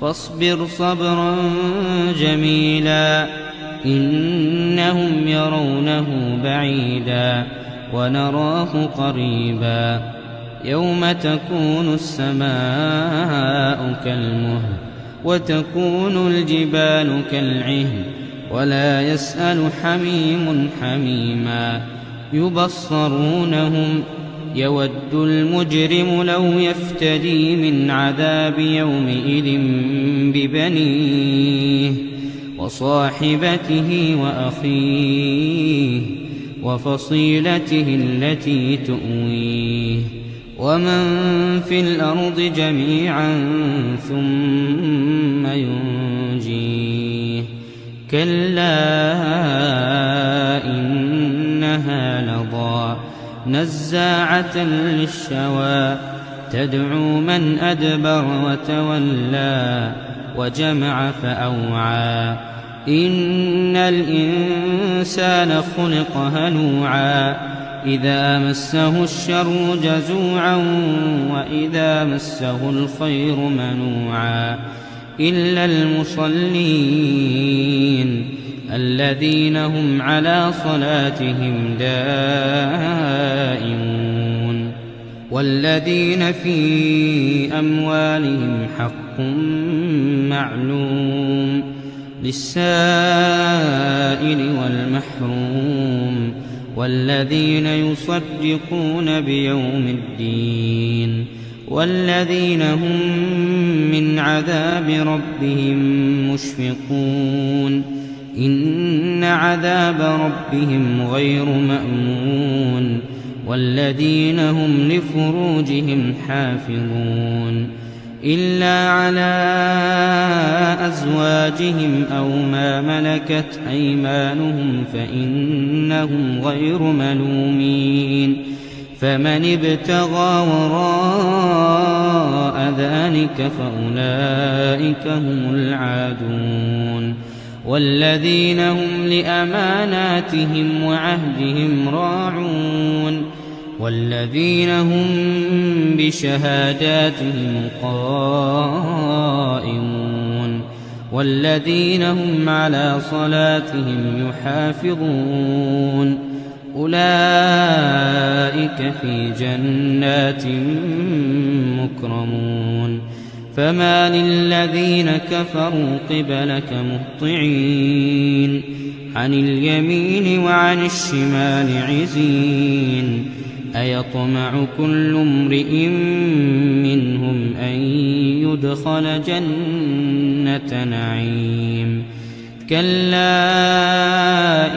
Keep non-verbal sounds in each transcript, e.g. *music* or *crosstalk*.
فاصبر صبرا جميلا إنهم يرونه بعيدا ونراه قريبا يوم تكون السماء كالمهل وتكون الجبال كالعهن ولا يسأل حميم حميما يبصرونهم يود المجرم لو يفتدي من عذاب يومئذ ببنيه وصاحبته وأخيه وفصيلته التي تؤويه ومن في الأرض جميعا ثم ينجيه كلا إنها لَظَى نزاعة للشوى تدعو من أدبر وتولى وجمع فأوعى إن الإنسان خلق هلوعا إذا مسه الشر جزوعا وإذا مسه الخير منوعا إلا المصلين الذين هم على صلاتهم دائمون والذين في أموالهم حق معلوم للسائل والمحروم والذين يصدقون بيوم الدين والذين هم من عذاب ربهم مشفقون إن عذاب ربهم غير مأمون والذين هم لفروجهم حافظون إلا على أزواجهم أو ما ملكت أيمانهم فإنهم غير ملومين فمن ابتغى وراء ذلك فأولئك هم العادون والذين هم لأماناتهم وعهدهم راعون والذين هم بشهاداتهم قائمون والذين هم على صلاتهم يحافظون أولئك في جنات مكرمون فما للذين كفروا قبلك مهطعين عن اليمين وعن الشمال عزين أيطمع كل امرئ منهم أن يدخل جنة نعيم كلا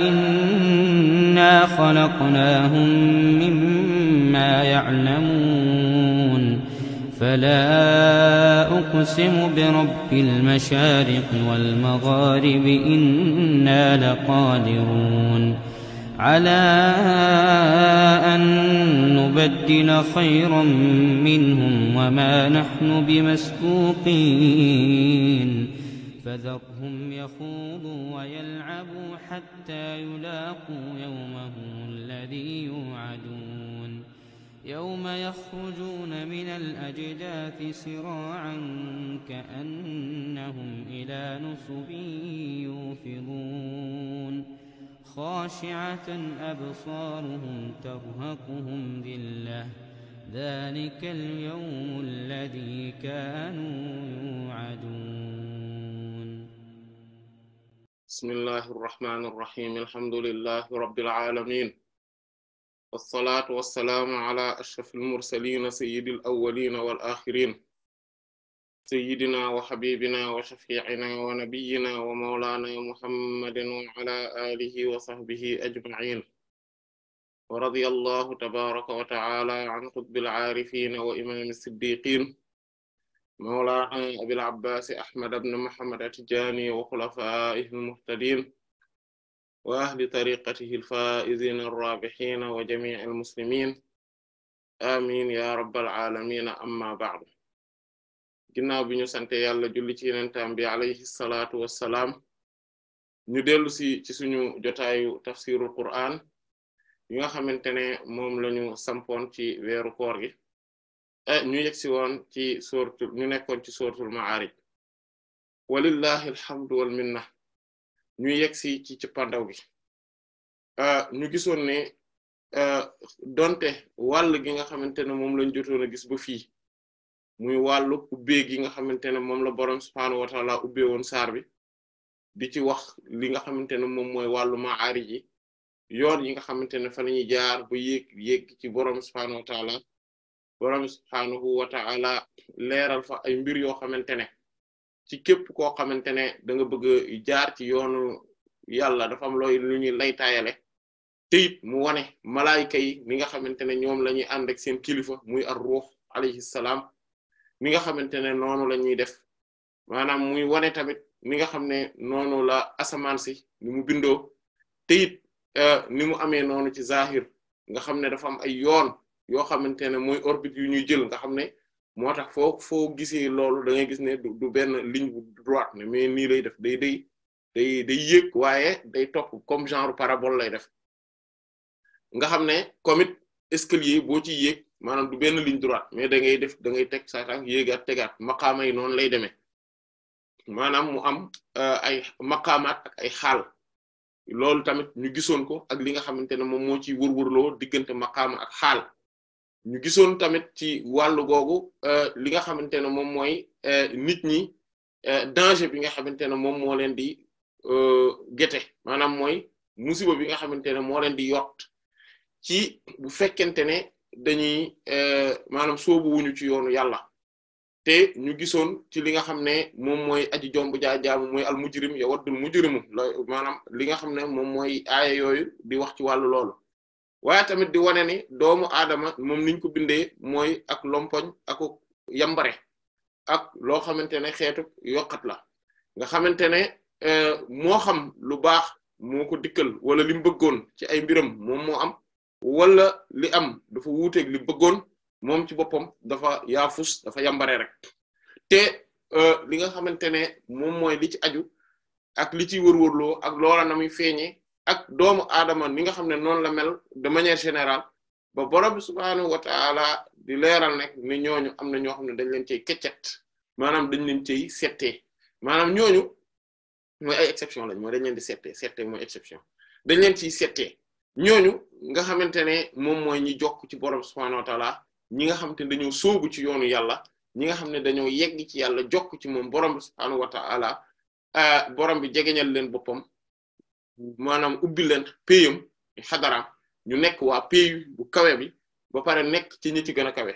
إنا خلقناهم مما يعلمون فلا أقسم برب المشارق والمغارب إنا لقادرون على أن نبدل خيرا منهم وما نحن بمسبوقين فذرهم يخوضوا ويلعبوا حتى يلاقوا يومهم الذي يوعدون يوم يخرجون من الأجداث سراعا كأنهم إلى نصب يوفضون خاشعة أبصارهم ترهقهم ذلة ذلك اليوم الذي كانوا يوعدون بسم الله الرحمن الرحيم الحمد لله رب العالمين والصلاة والسلام على أشرف المرسلين سيد الأولين والآخرين سيدنا وحبيبنا وشفيعنا ونبينا ومولانا محمد وعلى آله وصحبه أجمعين ورضي الله تبارك وتعالى عن قطب العارفين وإمام الصديقين مولانا أبي العباس أحمد بن محمد التجاني وخلفائه المهتدين وأهل طريقته الفائزين الرابحين وجميع المسلمين آمين يا رب العالمين أما بعد جنا بنيو سنت يالا جولي سي نانتام بي عليه الصلاه والسلام ني ديلو سي سي سونو جوتايو تفسير القران ييغا خامتيني موم لا نيو سامبون سي ويرو كور غي ا ني يكسي وون سي سورتو ني نيكون سي سورتو المعارج ولله الحمد والمنه ñu yegg si ci ci pandaw gi ah, ñu gisoon ne ah, donte wàll gi nga xamante ne moom lañ jotoon a gis ba fi muy wàllu ubbee gi nga xamante ne moom la boroom subhaanahu wa taala ubbee woon saar bi di ci wax li nga xamante ne moom mooy wàllu maari yi yoon yi nga xamante ne fa lañuy jaar ba yéeg yéeg ci boroom subhaanahu wa taala boroom subhaanahu wa taala leeral fa ay mbir yoo xamante ne ci képp koo xamante ne da nga bëgg jaar ci yoonu yàlla dafa am looy lu ñuy lay taayale te it mu wane malaayika yi mi nga xamante ne ñoom la ñuy ànd ak seen kilifa muy ar ruux alayhi salaam mi nga xamante ne noonu la ñuy def maanaam muy wane tamit mi nga xam ne noonu la asamaan si ni mu bindoo te it euh, ni mu amee noonu ci zahir nga xam ne dafa am ay yoon yoo xamante ne mooy orbite yu ñuy jël nga xam ne moo tax foo foo gisee loolu da ngay gis ne du benn ligne bu droite ne mais nii lay def day day day day yéeg waaye day topp comme genre parabole lay def nga xam ne comme it escalier boo ci yéeg maanaam du benn ligne droit mais da ngay def da ngay teg sa tànk yéegaat tegaat maqaama yi noonu lay demee maanaam mu am euh, ay maqaamaat ak ay xaal loolu tamit ñu gisoon ko ak li nga xamante ne moom moo ci wërwërloo diggante maqaama ak xaal ñu gisoon tamit ci wàllu googu euh, li nga xamante ne moom mooy euh, nit ñi euh, danger bi nga xamante ne moom moo leen di gete maanaam mooy musiba bi nga xamante ne moo leen di yott ci bu fekkente ne dañuy maanaam soobu ci yoonu yàlla te ñu gisoon ci li nga xam ne moom mooy aji jomb jaajaamu mooy al mujrim yawaddul mujrimu maanaam li nga xam ne moom mooy aaya di wax ci wàllu loolu waaye tamit di wane ni doomu aadama moom niñ ko bindee mooy ak lompoñ ak yambare ak loo xamante ne xeetu yokkat la nga xamante ne euh, moo xam lu baax moo ko dikkal wala li mu bëggoon ci ay mbiram moom moo am wala li am dafa wuuteeg li bëggoon moom ci boppam dafa yaafus dafa yambare rek te euh, li nga xamante ne moom mooy li ci aju ak li ci wërwërloo ak loola na feeñee ak doomu aadama ni nga xam ne noonu la mel de manière général ba borom subhaanahu wa taala di leeral nek ni ñooñu am na ñoo xam ne dañ leen cey keccet maanaam dañ leen cey sete maanaam ñooñu mooy ay exception lañ mooy dañ leen di settee settee mooy exception dañ leen ciy settee ñooñu nga xamante ne moom mooy ñi jokk ci borom subhaanahu wa taala ñi nga xamante ne dañoo sóobu ci yoonu yàlla ñi nga xam ne dañoo yegg ci yàlla jokk ci moom borom subhaanahu wa taala ah, borom bi jegeñal maanaam ubbi leen payam xadaraam ñu nekk waa pay bu kawe bi ba pare nekk ci ñi ci gën a kawe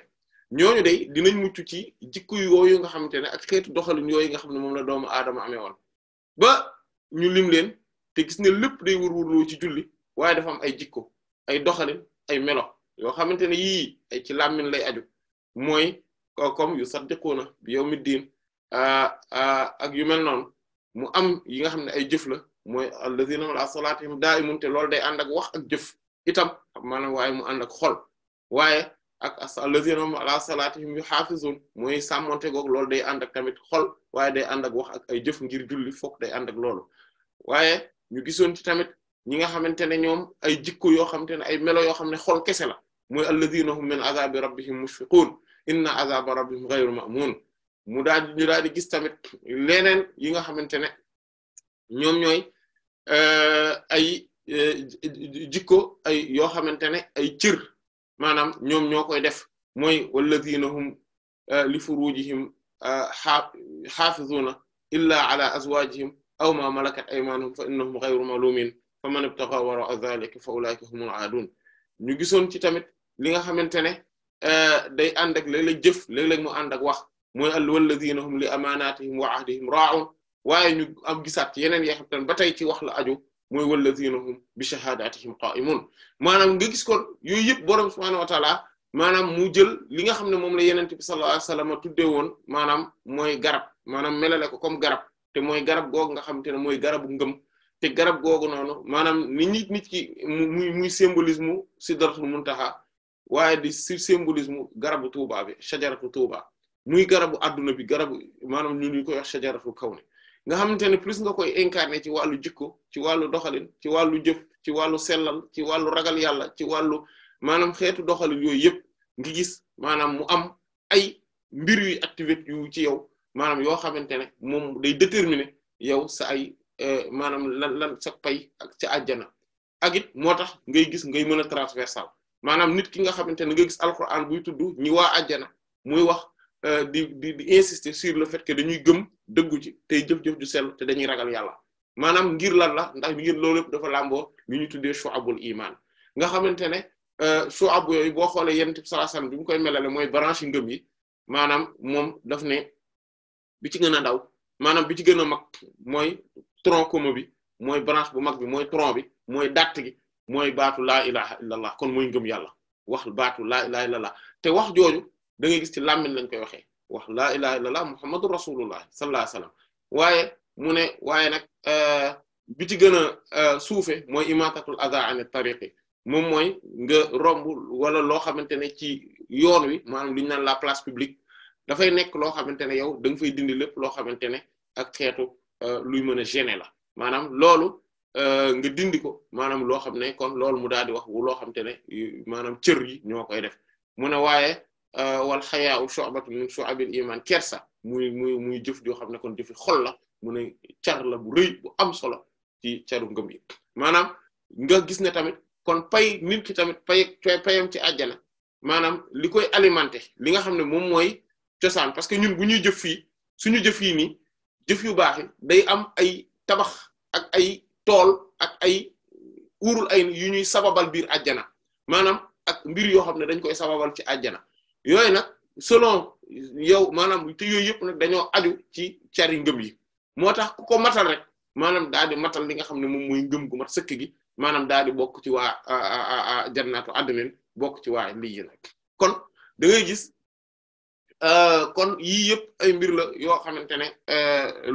ñooñu de dinañ mucc ci jikko yooyu nga xamante ne ak xeetu doxalin yooyu nga xam ne moom la doomu aadama amee woon ba ñu lim leen te gis ne lépp day wërwërloo ci julli waaye defam ay jikko ay doxalin ay melo yoo xamante ne yii ay ci làmmiñ lay aju mooy comme yu saddiquuna bi yawmi diin ak yu mel noonu mu am yi nga xam ne ay jëf la mooy allazina ala salatihim daimun te loolu day ànd ak wax ak jëf itam maanaam waaye mu ànd ak xol waaye ak allazina ala salatihim yuhafizun mooy sàmmonte goog loolu day ànd ak tamit xool waaye day ànd ak wax ak ay jëf ngir julli fokk day ànd ak loolu waaye ñu gisoon ci tamit ñi nga xamante ne ñoom ay jikko yoo xamante ne ay melo yoo xam ne xool kese la mooy alladhina hum min azabi rabbihim mushfiqun inna azaba rabbihim ghayru ma'mun mu daal ñu daal di gis tamit leneen yi nga xamante ne ñoom ñooy ay jikko ay yo xamantene ay ciir manam ñom ñokoy def moy walladina li furujihim hafizuna illa ala azwajihim aw ma malakat aymanuhum fa innahum ghayru malumin faman man wara dhalika fa ulaika humul aadun ñu gisoon ci tamit li nga xamantene day ànd ak léeg-léeg jëf léeg-léeg mu ànd ak wax moy al walladina li amanatihim wa ahdihim ra'un waaye ñu am gisaat yeneen yoo xam te ne ba tey ci wax la aju mooy wallazina hum bi shahadatihim qa'imun maanaam nga gis kon yooyu yëpp borom subhaanahu wa taala maanaam mu jël li nga xam ne moom la yenente bi sallallahu alayhi wasallam tuddee woon maanaam mooy garab maanaam melale ko comme garab te mooy garab googu nga xam te ne mooy garabu ngëm te garab googu noonu maanaam ni nit nit ki muy muy symbolisme sidratul muntaha waaye di si symbolisme garabu tuuba bi shajaratu tuuba muy garabu adduna bi garabu maanaam ñu ñu koy wax shajaratu kawni nga xamante plus nga koy incarner ci walu jikko ci walu doxalin ci walu jëf ci walu selal ci walu ragal yalla ci walu manam xeetu doxalin yoy yëpp ngi gis manam mu am ay mbir yu activate yu ci yow manam yo xamante mom day déterminer yow sa ay euh, manam lan lan sa pay ak ci aljana ak it ngay gis ngay transversal manam nit ki nga xamante ngay gis alcorane buy tuddu ñi wa aljana muy wax Euh, di di di insister sur le fait que dañuy gëm dëggu ci tey jëf-jëf ju sell te dañuy ragal yàlla maanaam ngir lan la ndax ngir loolu yëpp dafa làmboo li ñu tuddee shu'abul imaan nga xamante ne euh, shu'ab yooyu boo xoolee yonent bi sallallahu alayhi wasallam bi mu koy melale mooy branche yi ngëm yi maanaam moom daf ne bi ci gën a ndaw maanaam bi ci gën a mag mooy tronc commun bi mooy branche bu mag bi mooy tronc bi mooy datt gi mooy baatu laa ilaha illallah kon mooy ngëm yàlla wax baatu laa ilaha illallah te wax jooju da ngay gis ci làmmiñ lañ koy waxee wax laa ilaha illallah muhammadu rasulullah sallallahu alayhi wasallam waaye mu ne waaye nag euh, bi ci gën a euh, suufe mooy imatatul adha an tariqi moom mooy nga romb wala loo xamante ne ci yoon wi maanaam lu naan la place publique dafay nekk loo xamante ne yow da nga fay dindi lépp loo xamante ne ak xeetu euh, luy mën a gêner la maanaam loolu nga dindi ko maanaam loo xam ne kon loolu mu daal di wax loo xamante ne maanaam cër gi ñoo koy def mu waaye Euh, wal xayaa shu'batun min shu'abil iman kersa muy mu muy jëf joo xam ne kon jëfi xol la mu ne car la bu rëy bu am solo ci caru ngëm yi maanaam nga gis ne tamit kon pay nit ki tamit pay payam ci àjjana maanaam li koy alimenté li nga xam ne moom mooy cosaan parce que ñun bu ñuy jëf fii suñu jëf yi nii jëf yu baax day am ay tabax ak ay tool ak ay urul ay yu ñuy sababal biir àjjana maanaam ak mbir yoo xam ne dañ koy sababal ci àjjana yooyu nag solon yow maanaam te yooyu yëpp nag dañoo aju ci cari ngëm yi moo tax ku ko matal rek maanaam daal di matal li nga xam ne moom mooy ngëm gu mat sëkk gi maanaam daal di bokk ci waa jannaatu àddina bokk ci waa mbi yi kon da ngay gis kon yii yëpp ay mbir la yoo xamante ne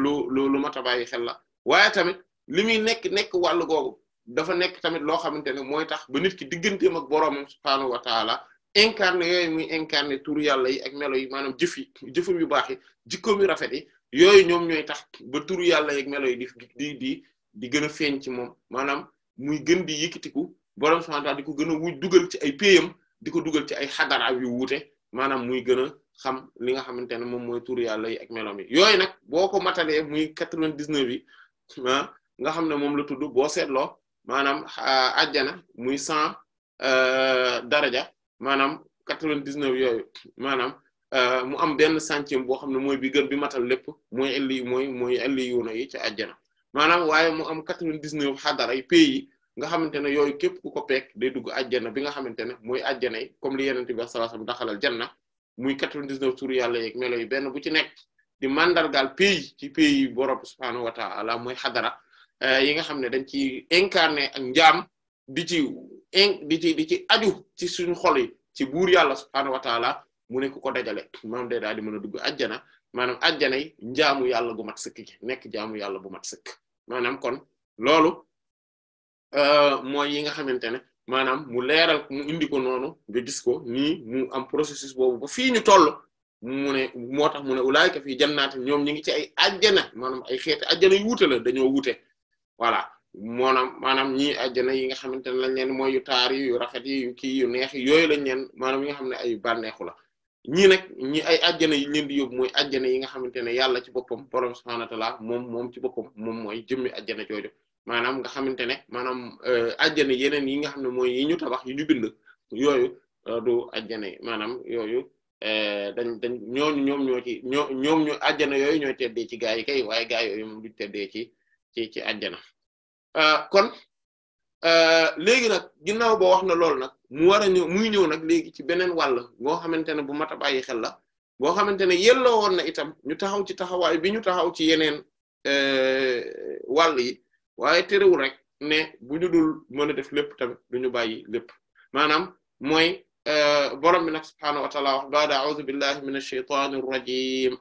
lu lu lu mat a bàyyi xel la waaye tamit li muy nekk nekk wàll googu dafa nekk tamit loo xamante ne mooy tax ba nit ki digganteem ak boroomam subhaanahu wa taala incarné yooyu muy incarné tur yàlla yi ak melo yi maanaam jëf yi jëfam yu baax yi jikkoom yu rafet yi yooyu ñoom ñooy tax ba turu yàlla yi ak melo yi di di di di gën a feeñ ci moom maanaam muy gën di yëkkatiku borom subhanahu wa ta'ala di ko gën a wuj dugal ci ay payam di ko dugal ci ay xadara yu wuute maanaam muy gën a xam li nga xamante ne moom mooy turu yàlla yi ak meloom yi yooyu nag boo ko matalee muy quatre-vingt-dix-neuf yi ah, nga xam ne moom la tudd boo seetloo maanaam ajjana ah, muy cent euh, daraja maanaam quatre dix neuf yooyu maanaam euh, mu am benn centième boo xam ne mooy bi gën bi matal lépp mooy elli mooy mooy elli yuuna yi ci àjjana maanaam waaye mu am quatre-vingt-dix-neuf xadara yi pays yi nga xamante ne yooyu képp ku ko peek day dugg àjjana bi nga xamante ne mooy àjjana yi comme li a bi sallallahu alayhi wasallam daxalal janna muy quatre-vingt-dix-neuf tur yàlla yeeg melo yi benn bu ci nekk di mandargaal pays ci pays yi borom subhaanahu wa ta'ala mooy xadara euh, yi nga xam ne dañ ci incarné ak njaam di ci en di ci di ci aju ci suñu xol yi ci bur yalla subhanahu wa taala mu ne ku ko dajale manam day daal di meuna dugg aljana manam aljana yi njaamu yalla gu mat sekk nek jaamu yalla bu mat sekk manam kon euh moy yi nga xamantene manam mu leral mu indi ko nonu nga gis ko ni mu am processus bobu ba fi ñu toll mu ne motax mu ne ulaika fi jannaati ñom ñi ngi ci ay aljana manam ay xéet aljana yu wuté la dañoo wuté voilà moonaam maanaam ñii àjjana yi nga xamante ne lañ leen mooy yu taar yi yu rafet kii yu neex yooyu lañ leen maanaam yi nga xam ne ay bànneexu la ñii nag ñi ay àjjana yi leen di yóbbu mooy yi nga xamante ne yàlla ci boppam borom subhaanahu wa ta'aala moom moom ci boppam moom mooy jëmmi àjjana jooju maanaam nga xamante ne maanaam euh, àjjana yeneen yi nga xam ne mooy yi ñu tabax yi ñu bind yooyu euh, du àjjana yi maanaam yooyu euh, dañ dañ ñooñu ñoom ñoo ci ñoo ñoom ñu àjjana yooyu ñooy teddee ci gaa yi kay waaye gaa yooyu moom duñ teddee ci ci ci àjjana Euh, kon euh, léegi nag ginnaaw boo wax na loolu nag mu war a ñëw muy ñëw nag léegi ci beneen wàll boo xamante ne bu mat a bàyyi xel la boo xamante ne yelloo woon na itam ñu taxaw ci taxawaay bi ñu taxaw ci yeneen euh, wàll yi waaye terewul rek ne bu ñu dul mën a def lépp tamit du ñu bàyyi lépp maanaam mooy borom bi nag subhaanahu wa ta'ala wax ba'da a'uuzu billahi minash shaytaanir rajiim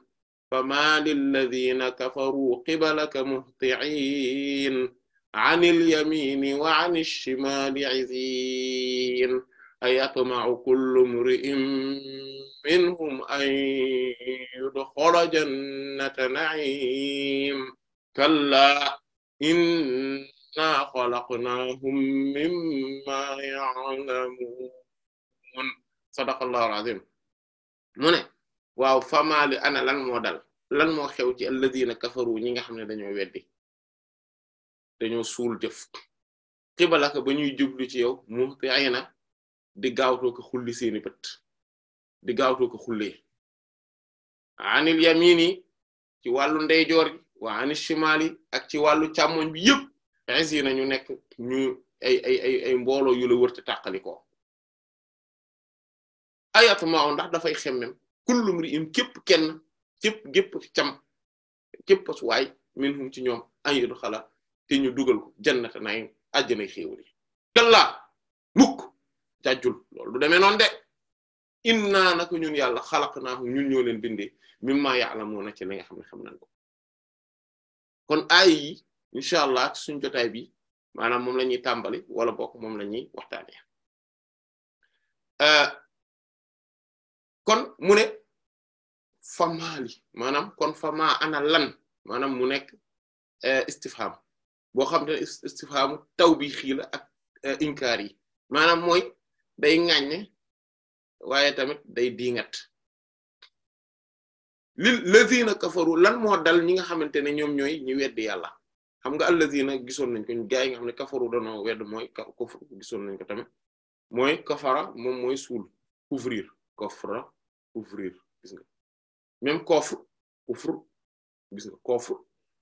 famaa lilladhiina kafaruu qibalaka muhti'iin عن اليمين وعن الشمال عزين أيطمع كل امرئ منهم أن يدخل جنة نعيم كلا إنا خلقناهم مما يعلمون صدق الله العظيم من واو فما لي انا lan مودال dal مو moo xew ci alladina kafaru ñi nga dañoo suul jëf xibalaka ba ñuy jublu ci yow mu te ay na di gaawtoo ko xulli seeni bët di gaawtoo ko xullee anil yamin yi ci wàllu ndeyjoor wa anil shimal ak ci wàllu càmmoñ bi yëpp xis yi ñu nekk ñu ay ay ay mbooloo yu la wërte tàqalikoo ayatu maaw ndax dafay xemmem kullum ri im képp kenn képp gépp cam képp pasuwaay min hum ci ñoom ay yédu xala te ñu dugal ko jannata naim àjjanay xéewal yi kallaa mukk jàjjul loolu du demee noonu de inna nako ñun yàlla xalaqnaahu ñun ñoo leen bindee mimma ya'lamuna ci li nga xam ne xam nañ ko kon aay yi incha allah ci suñ jotaay bi maanaam moom la ñuy tàmbali wala bokk moom la ñuy waxtaanee euh, kon mu ne famaali maanaam kon fama ana lan maanaam mu nekk euh, istifham boo xam ne istifhaamu tawbiixi la ak eh, inkaar yi maanaam mooy day ŋàññe waaye tamit day diingat li na kafaru lan moo dal ñi nga xamante ne ñoom ñooy ñu weddi yàlla xam nga allazina gisoon nañ ko gaa yi nga xam ne kafaru danoo wedd mooy kufr gisoon nañ ko tamit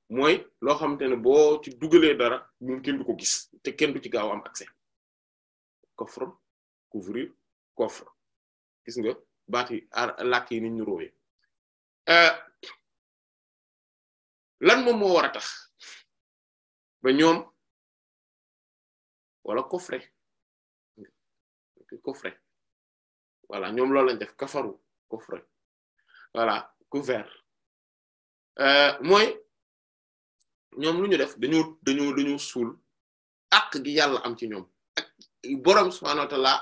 mooy loo xamante ne boo ci dugalee dara ñun kenn du ko gis te ken du ci gaaw am accès coffre couvrir coffre gis nga baati làkk yi ni euh, lan moom moo war a tax ba ñoom wala coffre coffre wala ñoom loolu la def kafaru coffre voilà couvert euh, mooy ñoom lu ñu def dañoo dañoo dañoo suul ak gi yàlla am ci ñoom borom boroom subhaanahu wa ta'ala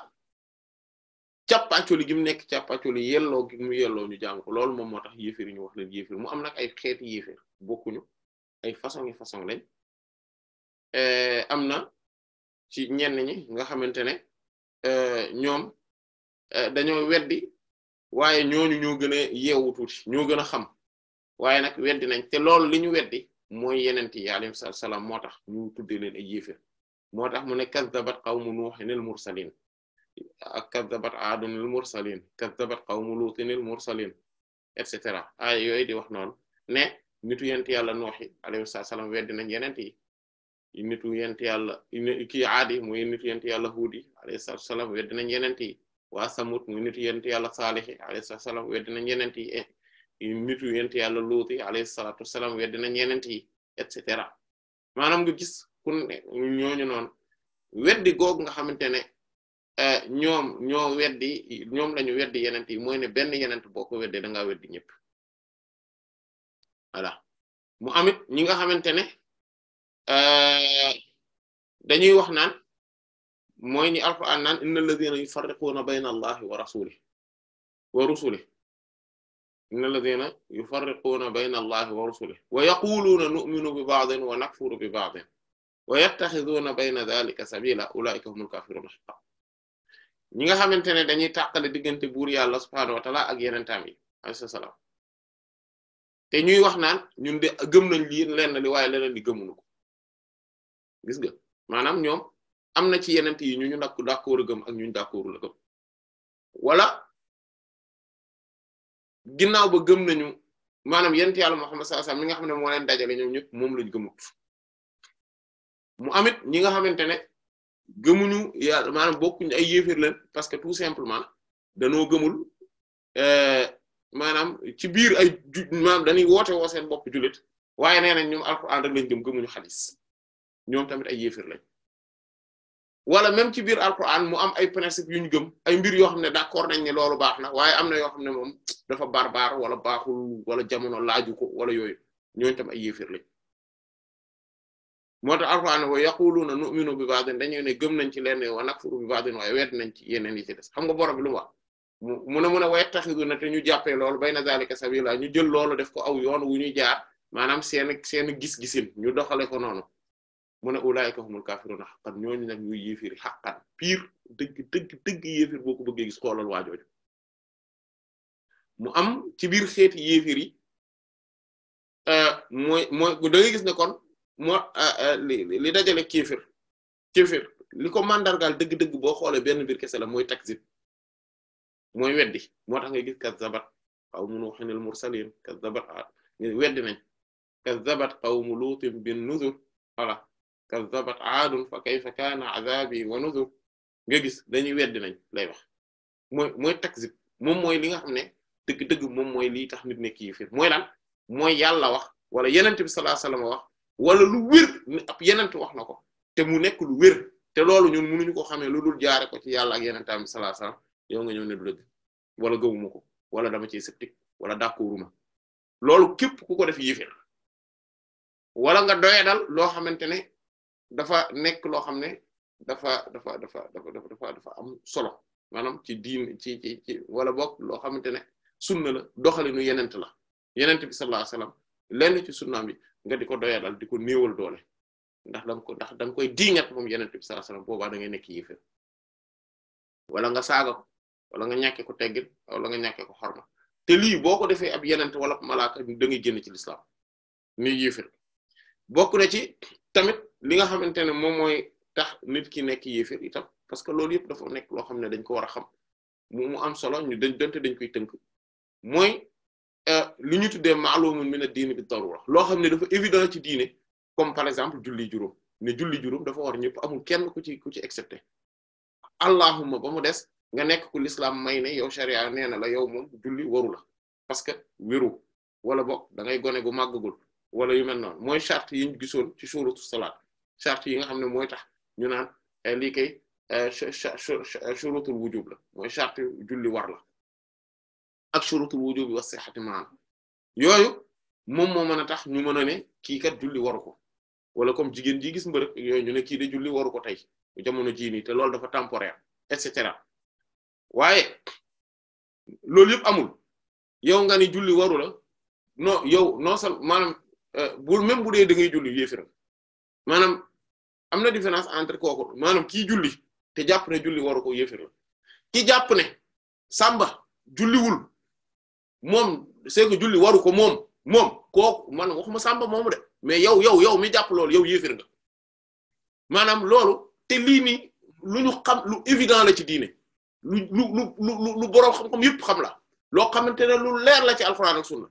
càppaacoli gi mu nekk càppaacoli yelloo gi mu yelloo ñu jaamu ko loolu moom moo tax yéefir ñu wax leen yéefir mu am nag ay xeeti yéefir bokkuñu ay façon yi façon lañ eh, am na ci ñenn ñi nga xamante ne eh, ñoom eh, dañoo weddi waaye ñooñu ñoo gën a yeewu tuuti ñoo gën a xam waaye nag weddi te loolu li ñu weddi mooy yenent yi alayhi salaam moo tax ñu tuddee leen ay yéefér moo tax mu ne kazzabat qawmu nuuhinil mursalin ak kazzabat aadunil mursalin kazzabat qawmu luutinil mursalin et cetera ay yooyu di wax noonu ne nitu yent yàlla nooxi alayhi salaam weddi nañ yenent yi nitu yent yàlla kii aadi muy nitu yent yàlla huudi alayhi salaam weddi nañ yenent yi waa samut muy nitu yent yàlla saalixi alayhi salaam weddi nañ yenent yi nitu yent yàlla luuti alayhi salatu wasalam wedd nañ yenent yi et cetera maanaam nga gis ku ñooñu noonu weddi googu nga xamante ne eh, ñoom ñoo weddi ñoom lañu weddi yenent yi mooy ne benn yenent boo ko weddi da ngaa weddi ñëpp voilà mu amit ñi nga xamante ne eh, dañuy wax naan mooy ñi alquran naan inna alladina yufarriquuna bayna allahi wa rasuli wa rusulih min alladhina yufarriquna bayna allahi wa rusulihi wa yaquluna nu'minu bi ba'din wa nakfuru bi ba'din wa yattakhiduna bayna dhalika sabila ulaika humul kafirun haqqan ñi nga xamante ne dañuy tàqale diggante buur yàlla subhaanahu wa ta'ala ak yeneen taam yi alayhi salaam te ñuy wax naan ñun de gëm nañ lii lenn li waaye leneen li gëmuñu ko gis nga maanaam ñoom am na ci yeneen yi ñu ñu d'accord gëm ak ñu d'accord la gëm wala ginnaaw ba gëm nañu maanaam yent yàlla Muhammad sallallahu alayhi wasallam mi nga xam ne moo leen dajale ñoom ñëpp moom lañ gëmut mu amit ñi nga xamante ne gëmuñu yàlla maanaam bokkuñu ay yéefir leen parce que tout simplement danoo gëmul euh, maanaam ci biir ay ju maanaam dañuy woote woo seen bopp jullit waaye nee nañ ñoom alxuraan rek lañ gëm gëmuñu xadis ñoom tamit ay yéefir lañ wala même ci biir alquran mu am ay principe yu ñu gëm ay mbir yoo xam ne d'accord nañ ne loolu baax na waaye am na yooxam ne moom dafa baar wala baaxul wala jamono laaju ko wala yooyu ñooñu tam ay yéefir lañ moo tax alquran wa yaquluna nu'minu bi ba'din dañuy ne gëm nañ ci lenn wa nakfuru bi waaye wet nañ ci yeneen yi ci des xam nga borom bi lu mu wax mu ne mu ne way taxiduna te ñu jàppee loolu bay bayna zalika sabila ñu jël loolu def ko aw yoon wu ñu jaar maanaam seen seen gis-gisin ñu doxale ko noonu mu ne ulaa'ika humul kaafiruuna haqqan ñooñu nag ñuy yéefiri haqqan piir dëgg dëgg dëgg yéefir boo ko bëggee gis xoolal waa jooju mu am ci biir xeeti yéefir yi euh, mooy mooy gis ne kon moo euh, euh, li dajale kéefir kéefir li ko mandargaal dëgg-dëgg boo xoolee benn biir kese la mooy takzib mooy weddi moo tax ngay gis kazzabat qawmu nuuhin al mursaliin kazzabat ah, weddi nañ kazzabat qawmu luutin bin nuzur voilà kazzabat aadun fa kayfa kaana azabi wa nuzur nga gis dañuy weddi nañ lay wax mooy mooy takzib moom mooy li nga xam ne dëgg-dëgg moom mooy lii tax nit nekk yéefir mooy lan mooy yàlla wax wala yenent bi sallallahu alayhi wasallam wax wala lu wér ab yenent wax na ko te mu nekk lu wér te loolu ñun mënuñu ko xamee lu dul jaare ko ci yàlla ak yenentam bi sallallahu alayhi yow nga ñëw ne du dëgg wala gëwuma ko wala dama ci sceptique wala d'accorduma loolu képp ku ko def yéefir wala nga doyadal loo dafa nekk loo xam ne dafa dafa dafa dafa dafa dafa am solo maanaam ci diin ci ci ci wala boog loo xamante ne sunna la doxalinu yenent la yenent bi sallallahu alayhi wasallam lenn ci sunnaam bi nga di ko doyalal di ko néewal doole ndax da ko ndax da koy diingat moom yenent bi sallallahu alayhi boobaa da ngay nekk yéefér wala nga saaga wala nga ñàkkee ko teggin wala nga ñàkkee ko xorma te lii boo ko defee ab yenent wala malaaka da ngay génn ci lislaam ni yéefér bokk na ci tamit li nga xamante ne moom mooy tax nit ki nekk yéefir itam parce que loolu yëpp dafa nekk loo xam ne dañ ko war a xam mu am solo ñu dañ donte dañ koy tënk mooy euh, li ñu tuddee ma'lumun min ad-din bi darura loo xam ne dafa évident ci diine comme par exemple julli juróom ne julli juróom dafa war ñëpp amul kenn ku ci ku ci excepté allahuma ba mu des nga nekk ku lislaam may ne yow sharia nee na la yow moom julli waru la parce que wéru wala boog da ngay gone gu màggagul wala yu mel noonu mooy charte yi ñu gisoon ci suuratu salaat charte yi nga xam ne mooy tax ñu naan eh, lii kay eh, eh, shurutul wujub la mooy charte julli war la ak shurutul wujub wa sihhati maanaam yooyu moom moo mën a tax ñu mën a ne kii kat julli waru ko wala comme jigéen ji gis mbërëk ñu ne kii de julli waru ko tey jamono jii nii te loolu dafa temporaire et cetera waaye loolu yëpp amul yow nga ni julli waru la non yow non seulement maanaam bu même bu dee da ngay julli yéefira maanaam am na différence entre kooku maanaam kii julli te jàpp ne julli waru ko yéefir ki jàpp ne sàmba julliwul mom c'est que julli waru ko moom moom kooku man waxuma sàmba moomu de mais yow yow yow mi jàpp loolu yow yéefir nga maanaam loolu te lii lu ñu xam lu ivigant la ci diine lu lu lu lu boroom xam-xam yëpp xam la loo xamante ne lu leer la ci alxuraan ak sunna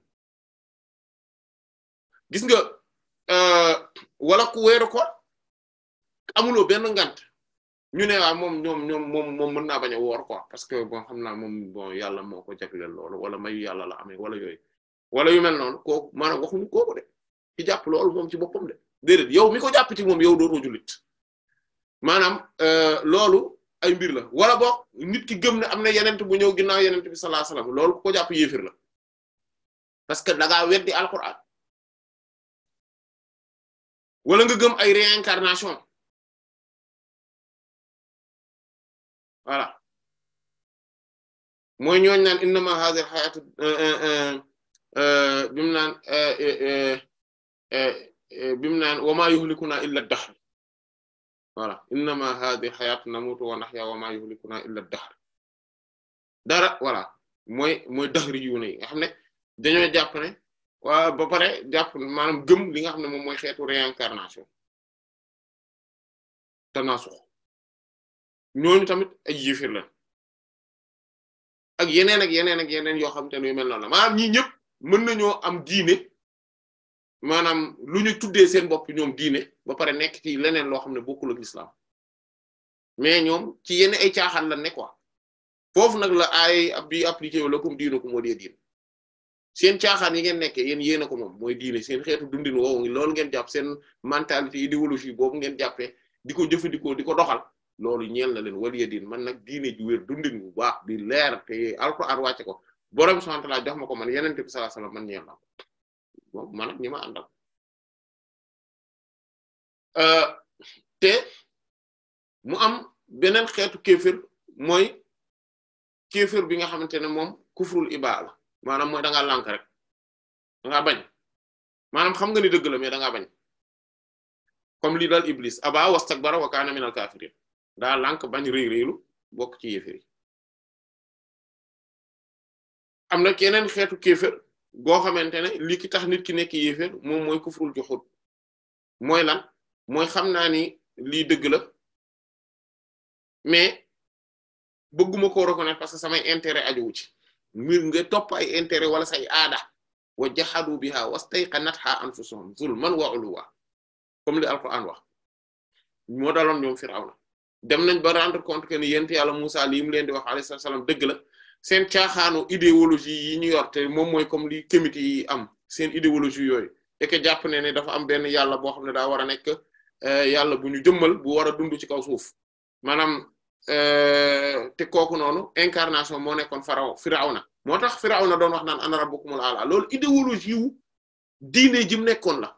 gis nga. Euh, wala ku weeru koor amuloo benn ngant ñu ne waaw moom ñoom ñoom moom moom mën naa bañ a woor quoi parce que bon xam naa moom bon yàlla moo ko jagleel loolu wala mayu yàlla la amee wala yooyu wala yu mel noonu kooku maanaam waxuñu kooku de ci jàpp loolu moom ci boppam de déedéet yow mi ko jàpp ci moom yow dootoo jullit maanaam euh, loolu ay mbir la wala boog nit ki gëm ne am na yenent bu ñëw ginnaaw yenent bi sallallahu alayhi wasallam loolu ko jàpp yéefir la parce que da weddi alquran wala nga gëm ay réincarnation voilà mooy ñooñ naan innama hadhihi hayatu euh, euh, euh, bimu naan bimu naan wa ma yuhlikuna illa ad-dahr voilà innama hadhihi hayatu namutu wa nahya wa ma yuhlikuna illa dahr dara voilà mooy mooy daxri yu ne yi nga xam ne dañoo jàpp waa ba pare jàpp maanaam gëm li nga xam ne moom mooy xeetu réincarnation tanasux ñooñu tamit ay yéefir la ak yeneen ak yeneen ak yeneen yoo xamante ne yu mel noonu la maanaam ñii ñëpp mën nañoo am diine maanaam lu ñu tuddee seen bopp ñoom diine ba pare nekk ci leneen loo xam ne bokkul ak l'islam mais ñoom ci yenn ay caaxaan la ne quoi foofu nag la ay ab bi appliqué wu la comme diine ku moo dee diine seen caaxaan yi ngeen nekkee yéen yéen a ko moom mooy diine seen xeetu dundin woowu ngi loolu ngeen jàpp seen mentalité idéologie boobu ngeen jàppee di ko jëfandikoo di ko doxal loolu ñeel na leen waliya diin man nag diine ju wér dundin bu baax di leer te alxuraan wàcce ko borom sant laa jox ma ko man yeneen bi sallallahu sala man ñeel na ko man ak ñi ma àndal euh, te mu am beneen xeetu kéefër mooy kéefër bi nga xamante ne moom kufrul ibaala maanaam mooy da ngaa lànk rek da ngaa bañ maanaam xam nga ni dëgg la mais da ngaa bañ comme lii daal iblis aba wastakbara wa kaana minal kaafiriin daa lànk bañ rëy rëylu bokk ci yéefér yi am na keneen xeetu kéefér goo xamante ne li ki tax nit ki nekk yéefér moom mooy kufrul juhud mooy lan mooy xam naa ni lii dëgg la mais bëgguma ko reconnaître parce que samay intérêt ajuwu ci mbir nga topp ay intérêt wala say aada wa jaxadu biha wastayqanatha anfusuhum man wa uluwa comme li an wax moo daloon ñoom Firawna dem nañ ba rendre compte que ni yent yàlla Musa li mu leen di wax alayhi salaam dëgg la seen caaxaanu idéologie yi ñu yor te moom mooy comme li comité yi am seen idéologie yooyu et jàpp ne ne dafa am benn yàlla boo xam ne daa war a nekk euh, yàlla bu ñu jëmmal bu war a dund ci kaw suuf maanaam Euh, te kooku noonu incarnation moo nekkoon faraw firawna moo tax firawna doon wax naan ana rabbukumul ala loolu idéologie wu diine ji mu nekkoon la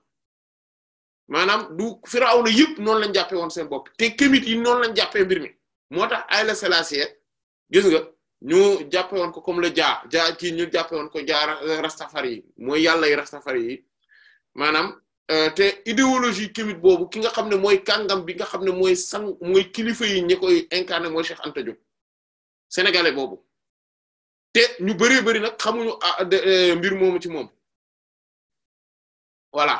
maanaam du firawna yëpp noonu lañ jàppee woon seen bopp te kémit yi noonu lañ jàppee mbir mi moo tax Haile Selassie gis nga ñu jàppee woon ko comme le jaa jaa ci ñu jàppee woon ko jaa rastafari yi mooy yàlla yi rastafari yi Euh, te idéologie kémit boobu ki nga xam ne mooy kàngam bi nga xam ne mooy sang mooy kilifa yi ñi koy incarné mooy Cheikh Anta Diop sénégalais boobu te ñu bëree bëri nag xamuñu ah, euh, mbir moomu ci moom voilà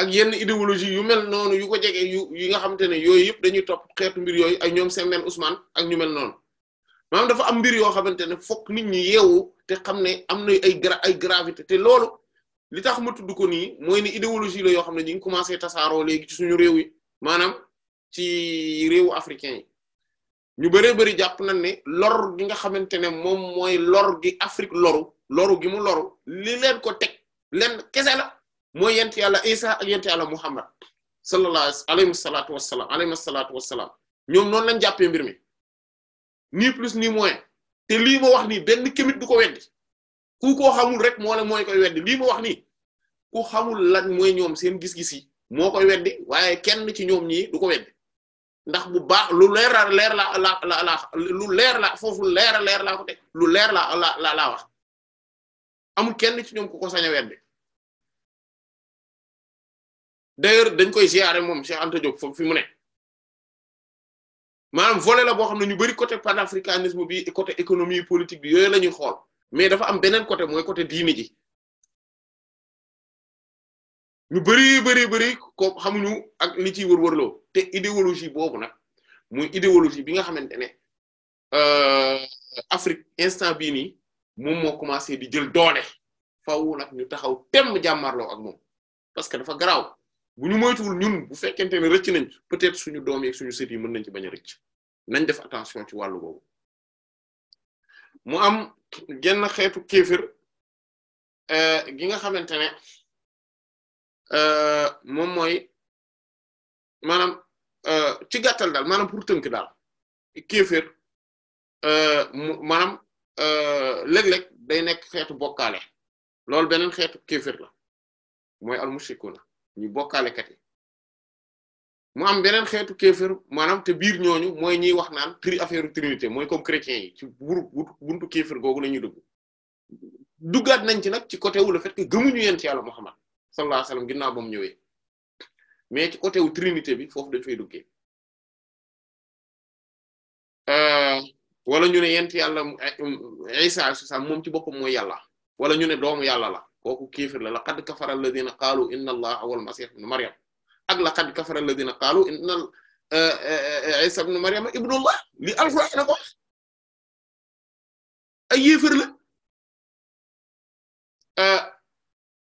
ak yenn idéologie yu mel noonu yu ko jege yu yi nga xamante ne yooyu yëpp dañuy topp xeetu mbir yooyu ak ñoom seen nen Ousmane ak ñu mel noonu maanaam dafa am mbir yoo xamante ne fokk nit ñi yeewu te xam ne am na ay gra ay gravité te loolu li tax ma tudd ko nii mooy ne idéologie la yoo xam ne ñu ngi commencé tasaaroo léegi ci suñu réew yi maanaam ci réewu africain yi ñu bëree bëri jàpp nañ ne lor gi nga xamante ne moom mooy lor gi Afrique loru loru gi mu loru li leen ko teg leen kese la mooy yent yàlla Isa ak yent yàlla Muhammad sallallahu alayhi wasalatu wasalaam alayhi salatu wasalaam ñoom noonu lañ jàppee mbir mi ni plus ni moins te lii ma wax nii benn kémit du ko weddi ku koo xamul rek moo la mooy koy weddi lii ma wax nii ku xamul lan mooy ñoom seen gis-gis yi moo koy weddi waaye kenn ci ñoom ñii du ko weddi ndax bu baax lu leer la leer la la la lu leer la foofu leer leer laa ko teg lu leer la la la laa wax amul kenn ci ñoom ku ko sañ weddi d'ailleurs dañ koy ziare moom Cheikh Anta jog foofu fi mu ne maanaam volet la xam ne ñu bari côté panafricanisme bi côté économie politique bi yooyu la ñuy xool mais dafa am benen côté moy côté diini ji ñu bari bari bari ko xamuñu ak ni ci wër wërlo te idéologie bobu nak moy idéologie bi nga xamantene euh Afrique instant bi ni mom mo commencé di jël doolé faawu nak ñu taxaw tém jamarlo ak mom parce que dafa graw bu ñu moytuul ñun bu fekkente ne rëcc nañ peut-être suñu doom yeeg suñu sëti yi mën nañ ci baña a rëcc nañ def attention ci walu boobu. mu am genn xeetu kéefir eh, gi nga xamante ne eh, moom mooy maanaam eh, ci gàttal daal maanaam pour tënk daal kéefir mu maanaam léeg-léeg day nekk xeetu bokkaale loolu beneen xeetu kéefir la mooy al mushrikuuna ñu bokkaalekat mu am beneen xeetu kéefër maanaam te biir ñooñu mooy ñiy wax naan tri affaire trinité mooy comme chrétien yi ci buntu buntu kéefër googu la ñuy dug duggaat nañ ci nag ci côté wu le fait que gëmuñu yent yàlla Muhammad sallallahu alayhi wasallam ginnaaw ba mu ñëwee mais ci côté wu trinité bi foofu dañ fay duggee euh, wala ñu ne yent yàlla Isa sa moom ci boppam mooy yàlla wala ñu ne doomu yàlla la kooku kéefër la la laqad kafara alladhina qalu inna allaha wal masih ibn maryam ak laqad kafara alladhina qaalu inna eh, eh, eh, Isa ibn Maryam ibnullah li alxuraan ko wax ay yéefar la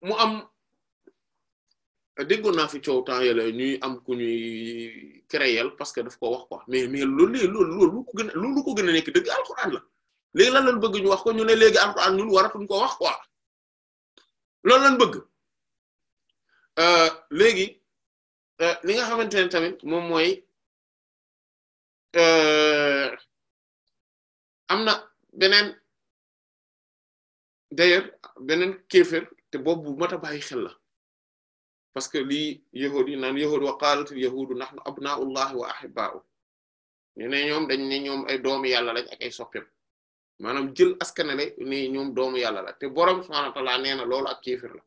mu am déggoon naa fi coow temps yële ñuy am ku ñuy créer parce que daf ko wax quoi mais mais loolu léegi loolu lu lu ko gën a nekk dëgg alxuraan la léegi bëgg ñu wax ko ñu ne léegi alxuraan ñun waratuñ ko wax quoi loolu bëgg léegi. Euh, li nga xamante ne tamit moom mooy euh, am na beneen d'ailleurs beneen kéefër te boobu bu mat a bàyyi xel la parce que lii yahuud yi naan yahuud wa qaalatil yahuudu nahnu abnaa'ullahi wa ahibba'u ñu ne ñoom dañ ne ñoom ay doomu yàlla lañ ak ay soppeem maanaam jël askanale ne ñoom doomu yàlla la te borom subhaanahu wa ta'aala nee na loolu ak kéefër la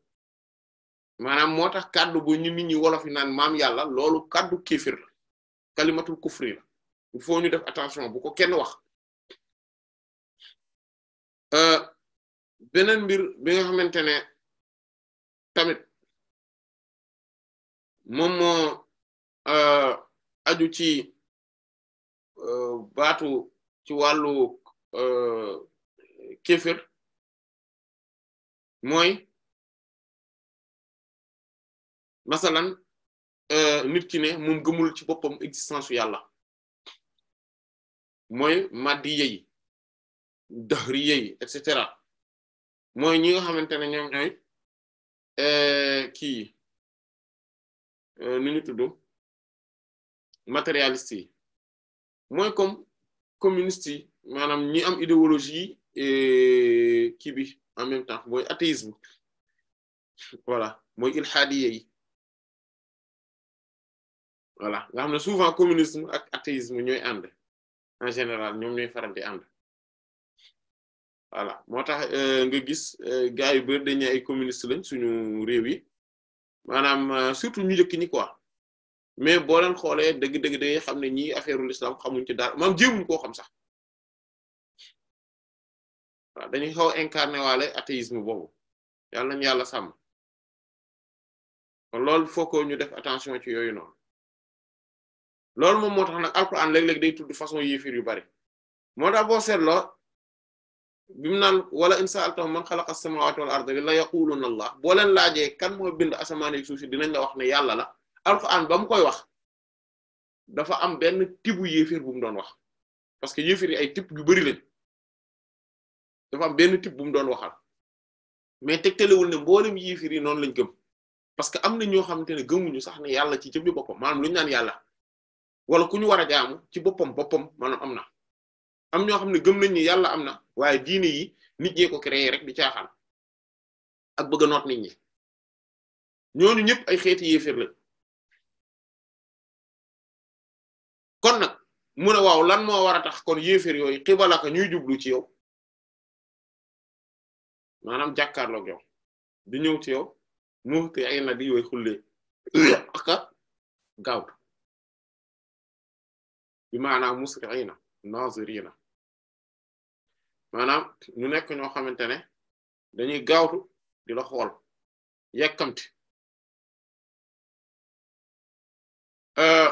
maanaam moo tax kaddu bu ñu nit ñi wolof yi naan maam yàlla loolu kaddu kifir kalimatu kalimatul kufri la ñu def attention bu ko kenn wax euh, beneen mbir bi nga xamante ne tamit moom moo euh, aju ci euh, baatu ci wàllu kifir moy masalan euh, nit ki ne moom gëmul ci boppam existence yàlla mooy maddiye yi dahriye yi et cetera mooy ñi nga xamante ne ñoom ñooy euh, kii euh, nu ñu tudd matérialiste yi mooy comme communiste yi maanaam ñi am idéologie kii bi en même temps mooy athéisme voilà mooy ilhadiye yi voilà nga xam ne souvent communisme ak athéisme ñooy ànd en général ñoom ñooy faral di ànd voilà moo tax euh, nga gis euh, gars yu bëri dañu ay communiste lañ suñu réew yi maanaam euh, surtout ñu njëkk ñi quoi mais boo leen xoolee dëgg-dëgg day xam ne ñii affaire l'islam xamuñ ci dara maam jéemuñ koo xam sax waaw dañuy xaw a waale athéisme boobu yàlla nañu yàlla sàmm kon loolu foo ko ñu def attention ci yooyu noonu. loolu moom moo tax nag alquran léeg-léeg day tudd façon yéefir yu bari moo tax boo seetloo bi mu naan wala in sa'altahum man xalaqa as-samawati wal arda la yaquluna allah boo leen laajee kan moo bind asamaan ak suuf dinañ la wax ne yàlla la alquran ba mu koy wax dafa am benn tibu yéefir bu mu doon wax parce que yéefir yi ay tib yu bari lañ dafa am benn tib bu mu doon waxal mais tegtalewul ne mboolem yéefir yi noonu lañ gëm parce que am na ñoo xamante ne gëmuñu sax ne yàlla ci jëmmi boppam maanaam lu ñu yàlla. wala ku ñu war a jaamu ci boppam boppam maanaam am na am ñoo xam ne gëm nañ ni yàlla am na waaye diine yi ni ñee ko créé rek bi caaxaan ak bëgg a noot nit ñi ñooñu ñëpp ay xeeti yéeféer la kon nag mu ne waaw lan moo war a tax kon yéeféer yooyu xibalaka ñuy jublu ci yow maanaam jàkkaarloog yow di ñëw ci yow mu te ay na di yooyu xullee aka gaawtu bi maanaam musriina nazirina maanaam ñu nekk ñoo xamante ne dañuy gaawtu di la xool yekkamti euh,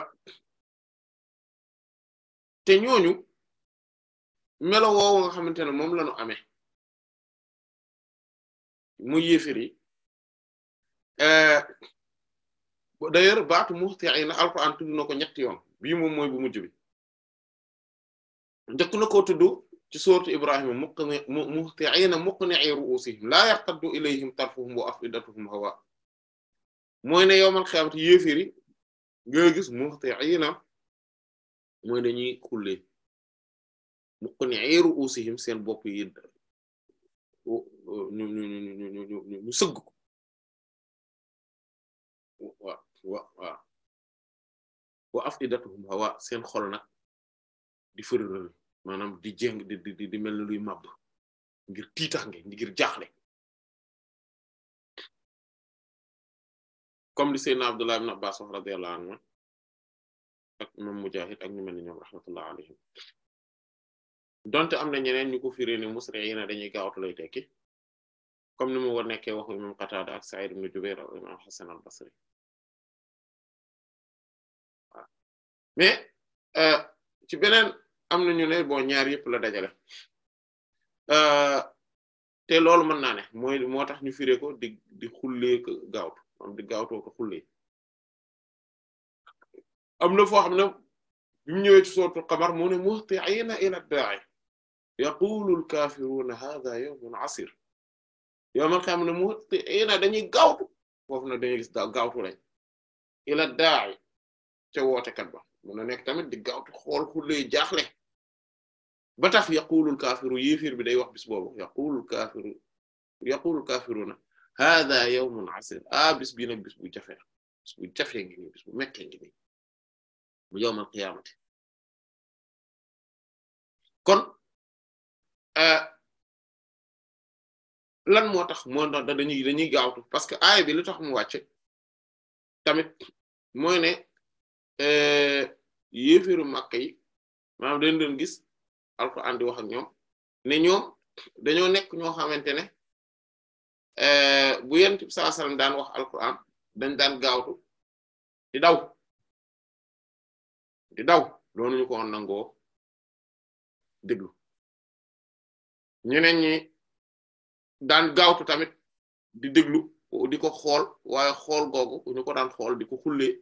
te ñooñu melo woowu nga xamante ne moom lañu ame mu yéefir yi euh, d'ailleurs baatu muhtiina alquran tudd na ko ñetti yoon bii moom mooy bu mujj bi njëkk na koo tudd ci sooratu Ibrahima muqni muhti'iina muqni'i ru'uusihim laa yartaddu ilayhim tarfuhum wa af'idatuhum hawaa mooy ne yawmal qiyaamati yéefiri nga gis muhti'iina mooy dañuy xulle muqni'i ru'uusihim seen bopp yi ñu ñu ñu ñu ñu ñu ñu sëgg ko wa wa wa af'idatuhum hawaa seen xol nag. di fërëral manam di jeng di di di melni luy mab ngir tiitaange ngir jaxle comme li sayna Abdullah ibn Abbas radhiyallahu anhu ak imam Mujahid ak ñu melni ñom rahmatullah alayhim donte am ñeneen ñuko ko firé ne musri yi dañuy gawtu lay tekki comme ni mo war nekké waxu imam Qatada ak Sa'id ibn jubair imam Hasan al-Basri mais euh, ci benen am na ñu ne ñaar yëpp la dajale euh, te loolu mën naa ne mooy moo tax ñu firé ko di di xullee gaawtu di gaawtoo ko xullee am na foo xam ne bi mu ñëwee ci sootu xamar mu ne muhti'ina ila da'i yaqulu al-kafiruna hadha yawmun 'asir yow man xam ne muhti'ina dañuy gaawtu foofu nag dañuy gis gaawtu lañ ila da'i ca wootekat ba mun na nekk tamit di gaawtu xool xullee jaaxle ba tax yaqulul kaafiru yéefir bi day wax bis boobu yaqulul kaafiru yaqulul kaafiruna hada yawmun asir ah bis bii nag bis bu jafe bis bu jafe ngi nii bis bu metti nii bu yawmal kon ah, lan moo tax moo tax dañuy dañuy gaawtu parce que aaya bi li tax mu wàcce tamit mooy ne eh, yéefiru Makka yi maanaam dañ gis alquran di wax ñoom ne ñoom dañoo nekk ñoo xamante ne eh, bu yent bi daan wax alquran dañ daan gaawtu di daw di daw doonuñu ko woon nangoo déglu ñeneen ñi daan gaawtu tamit di déglu di ko xool waaye xool googu ñu ko daan xool di ko xullee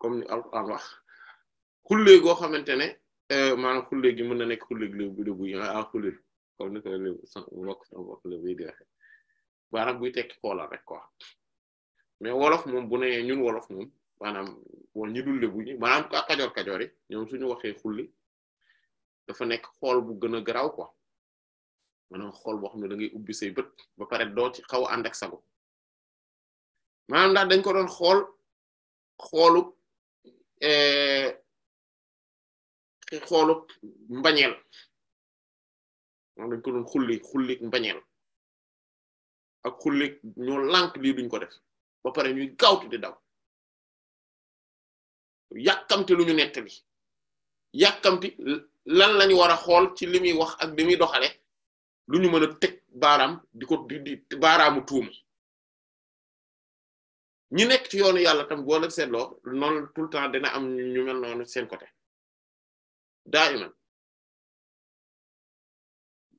comme ni alquran wax xullee goo xamante ne Eh, maanaam xulle gi mën na nekk xulle gi léegi bu dee buy ah xullil ko léegi sànq mbokk mbokk la bay di waxee maanaam buy tekki xoolal rek ko mais wolof moom bu ne ñun wolof moom maanaam bon ñi dul léegi maanaam ka kajoor kajoor yi ñoom suñu waxee xulli dafa nekk xool bu gën a garaaw quoi maanaam xool boo xam ne da ngay bët ba pare doo ci xaw a ànd ak sago maanaam daal dañ ko doon xool xoolu. Eh, xoolu mbañeel moom dañ ko doon xulli xullik ak xullik ñoo lànk lii duñ ko def ba pare ñuy gaawtu di daw yàkkamti lu ñu nettali yàkkamti lan lañu war a xool ci li muy wax ak li muy doxale lu ñu mën a teg baaraam di ko di di baaraamu tuuma ñi nekk ci yoonu yàlla tam boo leen seetloo noonu tout le temps dina am ñu mel noonu seen côté daiman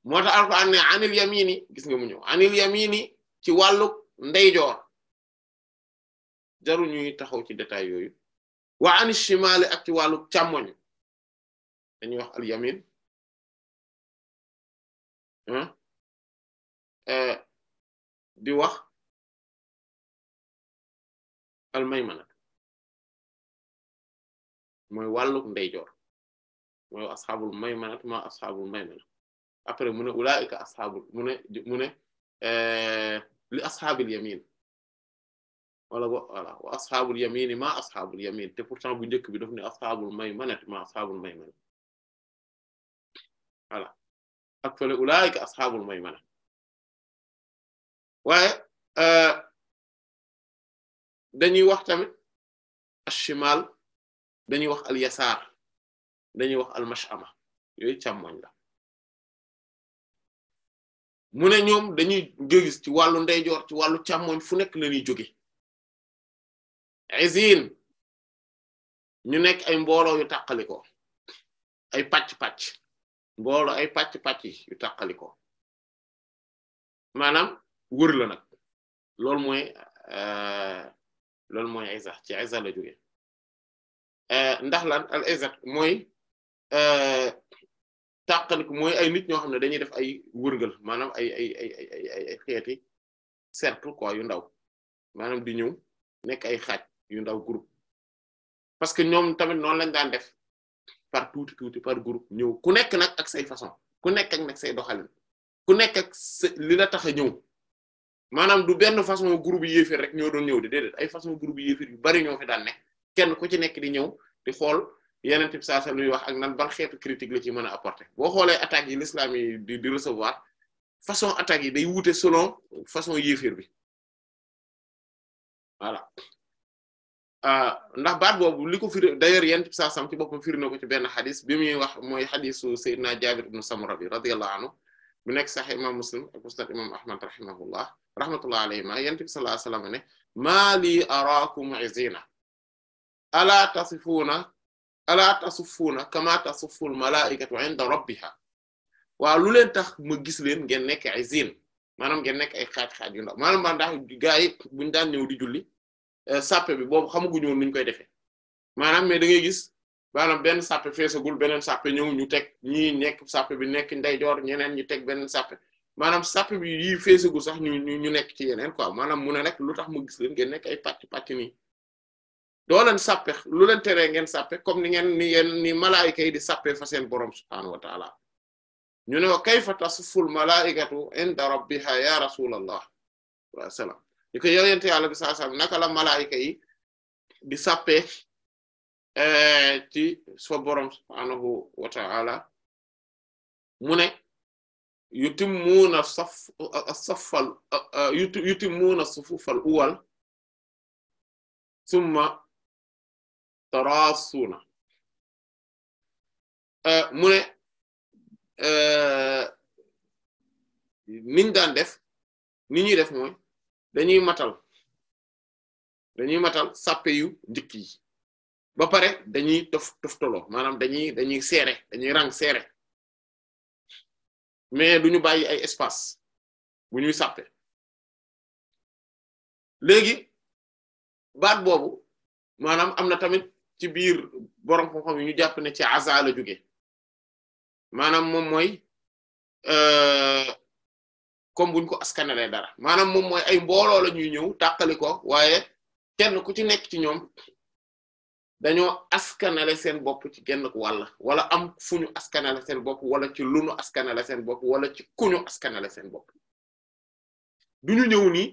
moo tax alquran ne anil yamini gis nga mu ñëw anil yamini ci wàllu ndeyjoor jaru ñuy taxaw ci détail yooyu wa anil shimali ak ci wàllu càmmoñ dañuy wax al yamin euh, di wax al maymana mooy wàlluk ndeyjoor mooy asxaabul maymana ma asxaabul maymana après mu ne ulaa'ika asxaabul mu ne mu ne li asxaabil yamin wala bo voilà wa asxaabul yamini ma asxaabul yamin te pourtant bu njëkk bi daf ne asxaabul maymanati ma asxaabul maymana voilà ak fële ulaa'ika asxaabul maymana waaye dañuy wax tamit ashimal dañuy wax al yasaar dañuy wax almashama yooyu càmmoñ la mu ne ñoom dañuy gis ci wàllu ndeyjoor ci wàllu càmmoñ fu nekk la ñuy jóge izin ñu nekk ay mbooloo yu tàqaliko ay pàcc-pàcc mbooloo ay pàcc-pàcc yu tàqaliko maanaam wër la nag loolu mooy euh, loolu mooy iza ci iza la jóge euh, ndax lan al iza mooy Euh, tàqalik mooy ay nit ñoo xam ne dañuy def ay wërngal maanaam ay ay ay ay ay ay xeeti cercle yu ndaw maanaam di ñëw nekk ay xaaj yu ndaw groupe parce que ñoom tamit noonu lañ daan def par tuuti tuuti par groupe ñëw ku nekk nag ak say façon ku nekk ak nag say doxalin ku nekk ak li la tax a ñëw maanaam du benn façon group yéefir rek ñoo doon ñëw di déedéet ay façon groupe yéefir yu bari ñoo fi daan nekk kenn ku ci nekk di ñëw di xool yeneen bi saa sallam wax ak nan ban xeetu critique la ci mën a apporter boo xoolee attaques yi l'islam yi di recevoir façon attaques yi day wuute selon façon yéefir bi voilà euh, ndax baat boobu li ko firi d'ailleurs yenn saa sam ci boppam firi ko ci benn xadis bi muy wax mooy xadisu Seydina Jaabir ibn Samura bi radiyallahu anhu bu nekk sax imaam Muslim ak Musnad imaam Ahmad rahimahullah rahmatullah alayhima yonent bi sallallahu alayhi wasallam ne maa lii araakum izina alaa tasifuuna alaa tasuffuuna kamaa tasufful malaa'ikatu inda rabbiha waaw lu leen tax ma gis leen ngeen nekk ay zine maanaam ngeen nekk ay xaaj-xaaj yu ndaw maanaam man ndax buñu daan ñëw di julli eh, sàppe bi boobu xamaguñu woon nuñ koy defee maanaam mais da ngay gis maanaam benn sàppe feesagul beneen sàppe ñëw ñu teg ñii nekk sàppe bi nekk ndeyjoor ñeneen ñu teg beneen sappe maanaam sàppe bi yii feesagul sax ñu ñu nekk ci yeneen quoi maanaam mu ne rek lu tax ma gis leen ngeen nekk ay pàcc pàcc nii doo leen sàppe lu leen teree ngeen sàppe comme ni ngeen ni yeen ni malaayika yi di sàppe fa seen borom subhaanahu wa taala ñu ne wa kayfa tasful malaikatu inda rabbiha ya rasulallah wa salaam ñu ko yow yente yàlla bi saa salam naka la malaayika yi di sàppe eh, ci fa borom subhaanahu wa taala mu ne yutimmuuna saf safal eh, yutimmuuna sufufal uwal summa taraasuuna mu ne niñ daan def ni ñuy def mooy dañuy matal dañuy matal sàppe yu njëkk yi ba pare dañuy tof toftaloo maanaam dañuy dañuy serré dañuy rang serré mais duñu bàyyi ay espace bu ñuy sàppe baat boobu maanaam am tamit ci biir borom xam-xam yi ñu jàpp ne ci azaa la jóge maanaam moom mooy euh, comme buñ ko askanalee dara maanaam moom mooy ay mbooloo la ñuy ñëw tàqali ko waaye kenn ku ci nekk ci ñoom dañoo askanale seen bopp ci genn wàll wala am fu ñu askanale seen bopp wala ci lu ñu askanale seen bopp wala ci ku ñu askanale seen bopp du ñu ñëw nii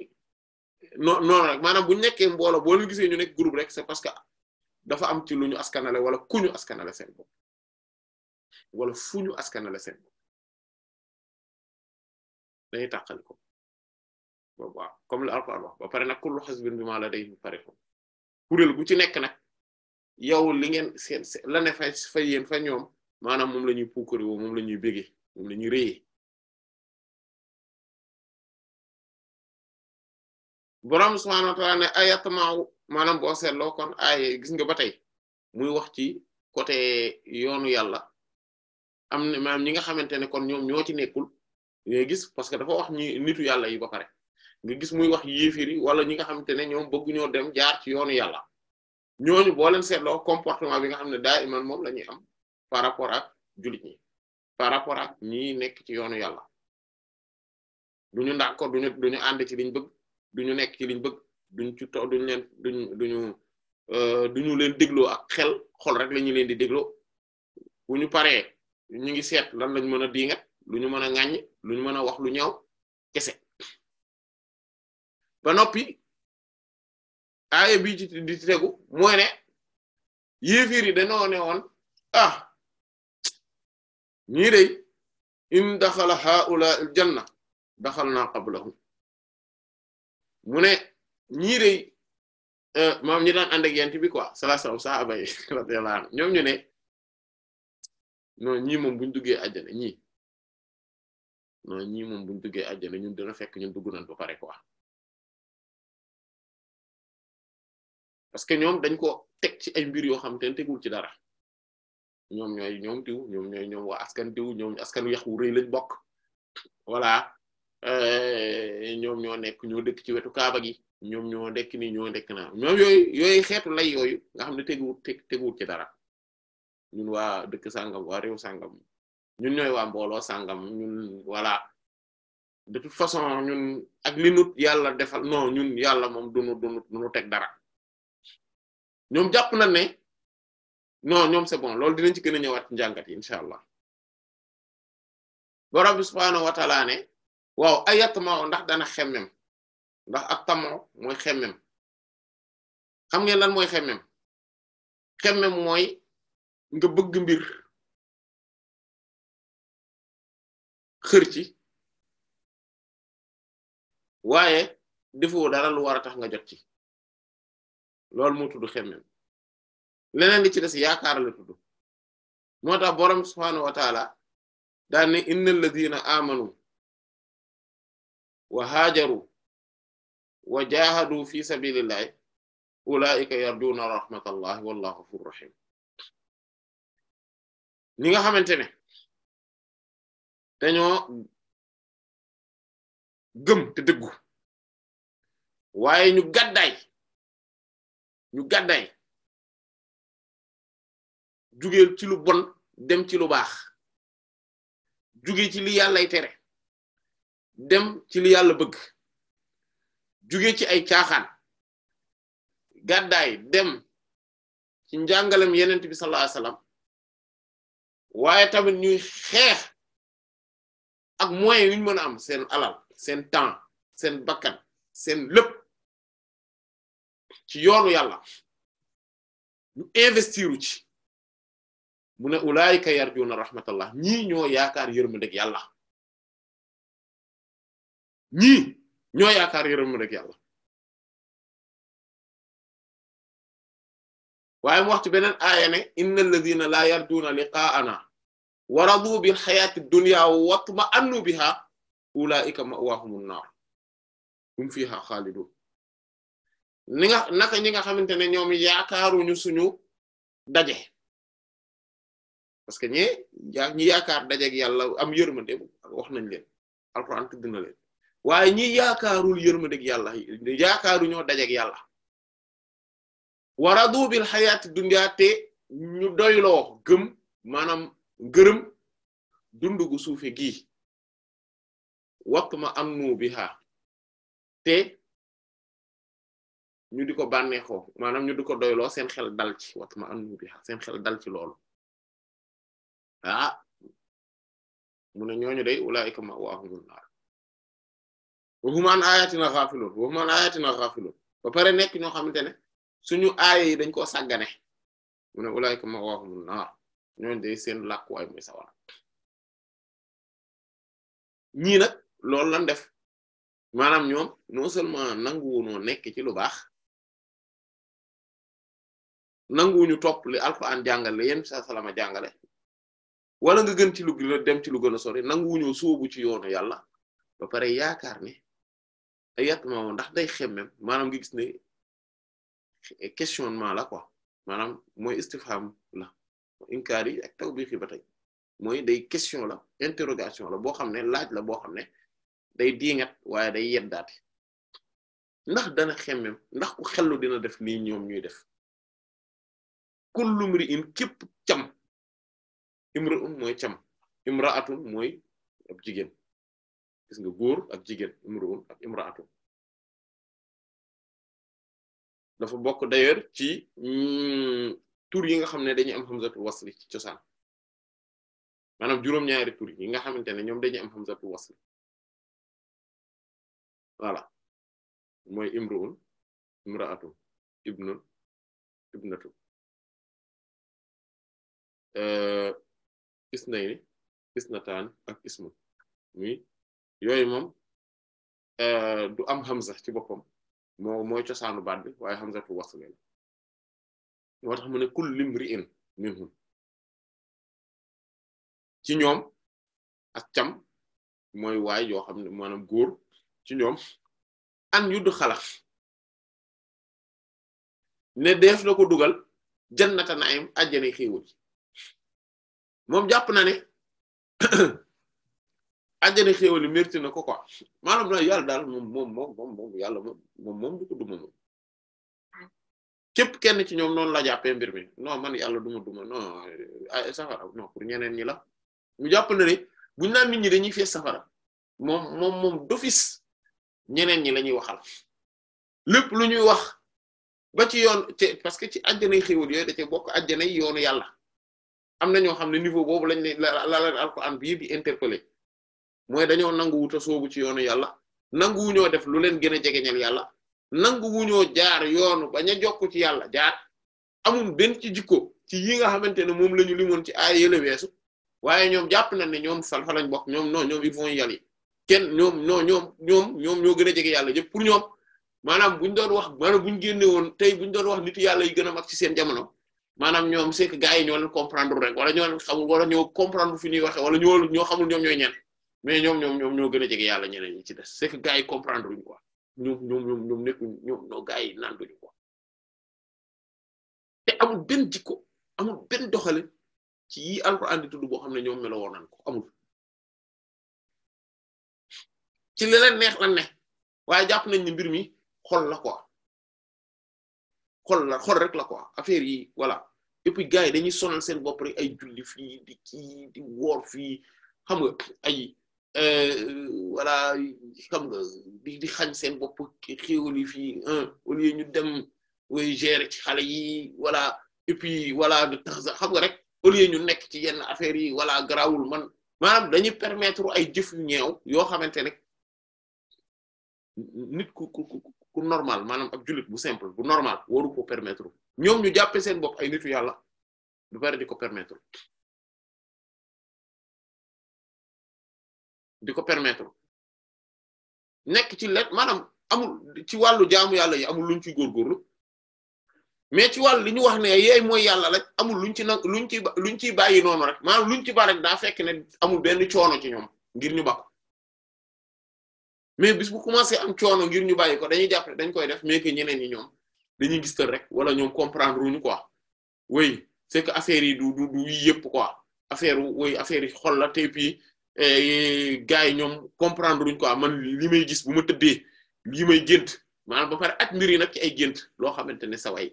non non rek maanaam bu nekkee mboolo boo leen gisee ñu nekk groupe rek c'est parce que dafa am ci lu ñu askanale wala ku ñu askanale seen bopp wala fu ñu askanale seen bopp dañuy tàqali ko waaw comme le Alxuraan ba pare nag kullu hizbin bimaa ladayhim farihun kuréel gu ci nekk nag yow li se seen la fa yéen fa ñoom maanaam moom la ñuy puukari woo moom la ñuy bégee moom la ñuy rëyee borom subhaanahu wa ta'aala ne ayatma'u maanaam boo seetloo kon ay gis nga ba tey muy wax ci côté yoonu yàlla am na maanaam ñi nga xamante ne kon ñoom ñoo ci nekkul ngay gis parce que dafa wax ñi nitu yàlla yi ba pare nga gis muy wax yéefiri wala ñi nga xamante ne ñoom bëgguñoo dem jaar ci yoonu yàlla ñooñu boole leen seetloo comportement bi nga xam ne daa iman moom la ñuy am par rapport ak jullit par rapport ak ñi nekk ci yoonu yàlla duñu ndax ko duñu duñu ànd ci liñ bëgg ñu nekk ci liñ bëgg duñ ci to duñ leen duñ duñu euh, duñu leen dégloo ak xel xol rek la ñu leen di dégloo bu ñu paree ñu ngi seet lan lañ mën a diingat lu ñu mën a ŋàññ lu ñu mën a wax lu ñaw kese ba noppi aaya bi ci di tegu mooy ne yéeféer yi dañoo ne woon ah ñii day in daxala haula al na daxal naa qablahum mune ñi re euh maam ñi daan and ak yent bi quoi salaasalaam sahaba yi radiyallahu anhum ñom ñu ne non ñi mom buñ duggé aljana ñi non ñi mom buñ duggé aljana ñun dina fekk ñun duggu nañ ba pare quoi parce que ñom dañ ko tek ci ay mbir yo xam te tegul ci dara ñom ñoy ñom diw ñom ñoy ñom wa askan diw ñom askan yax wu rëy lañ bok voilà Eh, ñoom ñoo nekk ñoo dëkk ci wetu kaaba gi ñoom ñoo nekk ni ñoo nekk naa ñoom yooyu yooyu xeetu lay yooyu nga xam ne teguwut teg teguwut ci dara ñun waa dëkk sàngam waa réew sàngam ñun ñooy waa mbooloo sàngam ñun voilà de toute façon ñun ak li nu yàlla defal non ñun yàlla moom dunu dunu dunu teg dara ñoom jàpp na ne non ñoom c' est bon loolu dinañ ci gën a ñëwaat njàngat yi incha allah borom bi subhanahu wa taala ne waaw ayatmao ndax dana xemmem ndax ak tamoo mooy xemmem xam ngeen lan mooy xemmem xemmem mooy nga bëgg mbir xër ci waaye defoo dara lu war a tax nga jot ci loolu moo tudd xemmem leneen li ci des yaakaar la tudd moo tax boroom subhaanahu wa taala daan ne innal ladina amanu wa haajaru wa jaahadu fi sabilillahi ulaa'ika yarjuuna rahmatallahi wallahu rahim ñi nga xamante ne dañoo gëm te dëggu waaye ñu gàddaay ñu gàddaay jugeel ci bon dem ci lu baax juge ci li tere dem ci li yàlla bëgg jóge ci ay caaxaan gàddaay dem ci njàngalem yenent bi sallallahu alayhi waaye tamit ñuy xeex ak moyens yu mën a am seen alal seen temps seen bakkan seen lépp ci yoonu yàlla ñu investiru ci mu ne ulaayika yarjuuna rahmatallah ñii ñoo yaakaar yërmandeg yàlla ñii ñoo yaakaar yërëm rek yàlla waaye mu wax ci beneen aaya ne inna alladhina la yarduna liqa'ana wa radu bil hayati dunya wa annu biha ulaika ma'wahumun nar hum fiha khalidun ni nga naka ñi nga xamante ne ñoom yaakaaruñu suñu daje parce que ñi ñi yaakaar daje ak yàlla am yërmande wax nañ leen alquran tudd na leen waye ñi yaakaarul yërmandeeg yàlla yaakaaru ñoo ak yalla waradu bil hayat dunyaa te ñu doylo gëm manam ngërëm dund gu suufe gii watma biha te ñu diko banexo manam ñu diko doylo seen xel dal ci waqma amnu biha seen xel dal ci lool ah mune ñoñu ñooñu day ulaa'ika ma'waahumul wa hum an ayatina ba pare nekk ñoo xamante ne suñu aaya yi dañ koo sàggane mu ne ulaika ma'wahumun nar ñooñu day seen làkkuwaay muy sawar ñii nag loolu lan def maanaam ñoom non seulement nanguwunoo nekk ci lu baax nanguwuñu topp li alquran jàngale yéen sa salama jàngale wala nga gën ci lu dem ci lu gën a sori nanguwuñoo sóobu ci yoonu yàlla ba pare yaakaar ne yàq ma ndax day xemmem maanaam nga gis ne questionnement la ko maanaam mooy istifham la inkaar yi ak tawbiix yi ba tey day question la interrogation la boo xam ne laaj la boo xam ne day diingat waaye day yeddaati ndax dana xemmem ndax ku xellu dina def nii ñoom ñuy def kullu mri'in képp cam imra'un mooy cam imra'atun mooy ab jigéen gis nga góor ak jigéen imruun ak imraatun bokk d'ailleurs ci hmm, tur yi nga xam ne dañuy am hamzatul wasli cosaan maanaam juróom-ñaari yi nga xamante ne ñoom dañuy am hamzatul wasli voilà mooy imruun imraatun yooyu moom euh, du am hamza ci boppam moo mooy cosaanu baat bi waaye hamzatul wasl la moo tax mu ne kul limri'in minhum ci ñoom ak cam mooy waay yoo xam ne maanaam góor ci ñoom an yudd xalaat ne def na ko dugal jannata na'im ajjana xéewal moom jàpp na ne *coughs* àjjana xéewal yi mérité na ko quoi maanaam la yàlla daal moom moom moom moom yàlla moom moom moom du ko duma moom képp kenn ci ñoom noonu la jàppee mbir mi non man yàlla duma duma non safara non pour ñeneen ñi la ñu jàpp na ne buñ naan nit ñi dañuy fees safara moom moom moom d'office ñeneen ñi la ñuy waxal lépp lu ñuy wax ba ci yoon te parce que ci àjjanay xéwal yooyu da cee bokk àjjanay yoonu yàlla am na ñoo xam ne niveau boobu lañ la la la Alxuraan bi di interpeller mooy dañoo nangu wuta soobu ci yoonu yàlla nangu wuñoo def lu leen gën a jege jegeñal yàlla nangu wuñoo jaar yoonu bañ a jokk ci yàlla jaar amul den ci jikko ci yi nga xamante ne moom la ñu limoon ci ay yële weesu waaye ñoom jàpp na ne ñoom fal fa lañ bokk ñoom non ñoom ils vont y aller kenn ñoom non ñoom ñoom ñoom ñoo gën a jege yàlla yëpp pour ñoom maanaam buñ doon wax maanaam buñ génne woon tey buñ doon nit yàlla yi a mag ci seen jamono maanaam ñoom c'est que gars yi ñoo leen comprendre rek wala ñuy waxe wala ñoo ñoo xamul ñoom ñooy ñen mais ñoom ñoom ñoom ñoo gën a jege yàlla ñeneen ñi ci des c'est que gars yi comprendre luñu quoi ñoom ñoom ñoom ñoom ñoom ñoo gars yi naan te amul benn jikko amul benn doxale ci yi Alxuraan di boo xam ne ñoom meloo woon nañ ko amul ci li leen neex lan ne waaye jàpp nañ ni mbir mi xol la quoi xol rek la quoi affaire yi voilà et puis gars yi dañuy sonal seen bopp ay juli fii di kii di woor fii xam nga Euh, voilà xam nga di di xañ seen bopp xéwal yi fii au lieu ñu dem way gérer ci xale yi wala et puis voilà de tax xam nga rek au lieu ñu nekk ci yenn affaires yi voilà garaawul man maanaam dañuy permettre ay jëf yu ñeew yoo xamante rek nit ku ku ku normal maanaam ab jullit bu simple bu normal waru ko permettre ñoom ñu jàppe seen bopp ay nitu yàlla du bari di ko di ko permettre nekk ci let maanaam amul ci wàllu jaamu yàlla yi amul luñ ci góorgóorlu mais ci wàllu li ñu wax ne yeey mooy yàlla rek amul lu luñ ci nag luñ ci luñ ciy bàyyi noonu rek maanaam luñ ci ba rek daa fekk ne amul benn coono ci ñoom ngir ñu bako mais bis bu commencé am coono ngir ñu bàyyi ko dañuy jàpp ne dañ koy def mais que ñeneen ñi ñoom dañuy gis rek wala ñoom comprendre wuñu quoi oui c'est que affaire yi du du du yëpp quoi affaire woy affaire yi xol la tey puis Eh, gars yi ñoom comprendre luñ quoi ah, man li may gis bu ma tëddee li may gént maanaam ba pare at mbir yi nag ci ay gént loo xamante ne sa way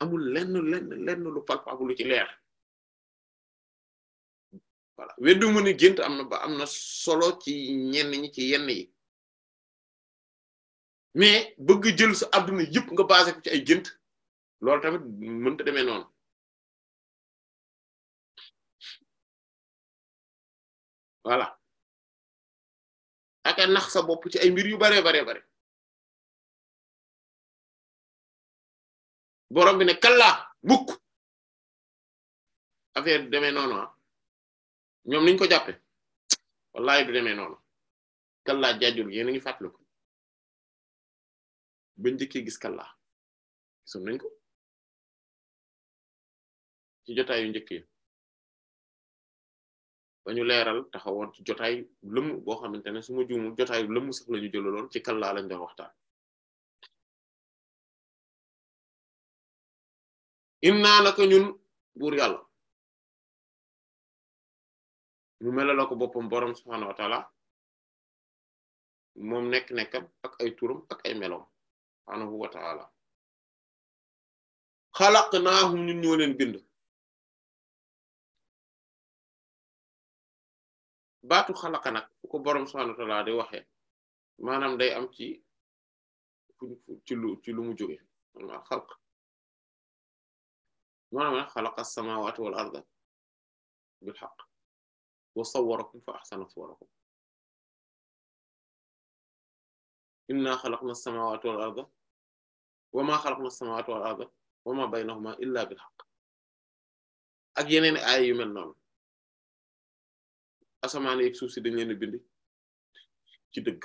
amul lenn lenn lenn lu palpable lu ci leer voilà weddu mu ne gént am na ba am na solo ci ñenn ñi ci yenn yi mais bëgg jël sa adduna yëpp nga basé ko ci ay gént loolu tamit mënta demee noonu voilà ak a nax sa bopp ci ay mbir yu bare baree bare borom bi ne kallaa bukk affaire du demee noonu ah. ñoom niñ ko jàppe walay du demee noonu kallaa jaajul yéen a ngi fàttaliku ba njëkkee gis kallaa gisoon nañ ko ci jotaayu njëkk ba ñu leeral taxawoon ci jotaay lëmm boo xamante ne su ma juumul jotaay lëmm sax la ñu jëlaloon ci kallaa lañ doon waxtaan innaa naka ñun buur yàlla mu melal ko boppam boroom subhaanahu wa moom nekk nekkam ak ay turam ak ay meloom subhaanahu wa taala xalaqnaahum ñun ñoo bind baatu xalaqa nag fu ko boroom subhaanahu wa ta'aala di waxee maanaam day am ci ci lu ci lu mu jóge maanaam xalq maanaam nag xalaqa as-samaawaati wal arda bil haqq wa sawwarakum fa ahsana suwarakum inna xalaqna as-samaawaati wal arda wa maa xalaqna as-samaawaati wal arda wa maa baynahumaa illaa bil haqq ak yeneen ay yu mel noonu asamaane ak suuf si dañ leen bind ci deug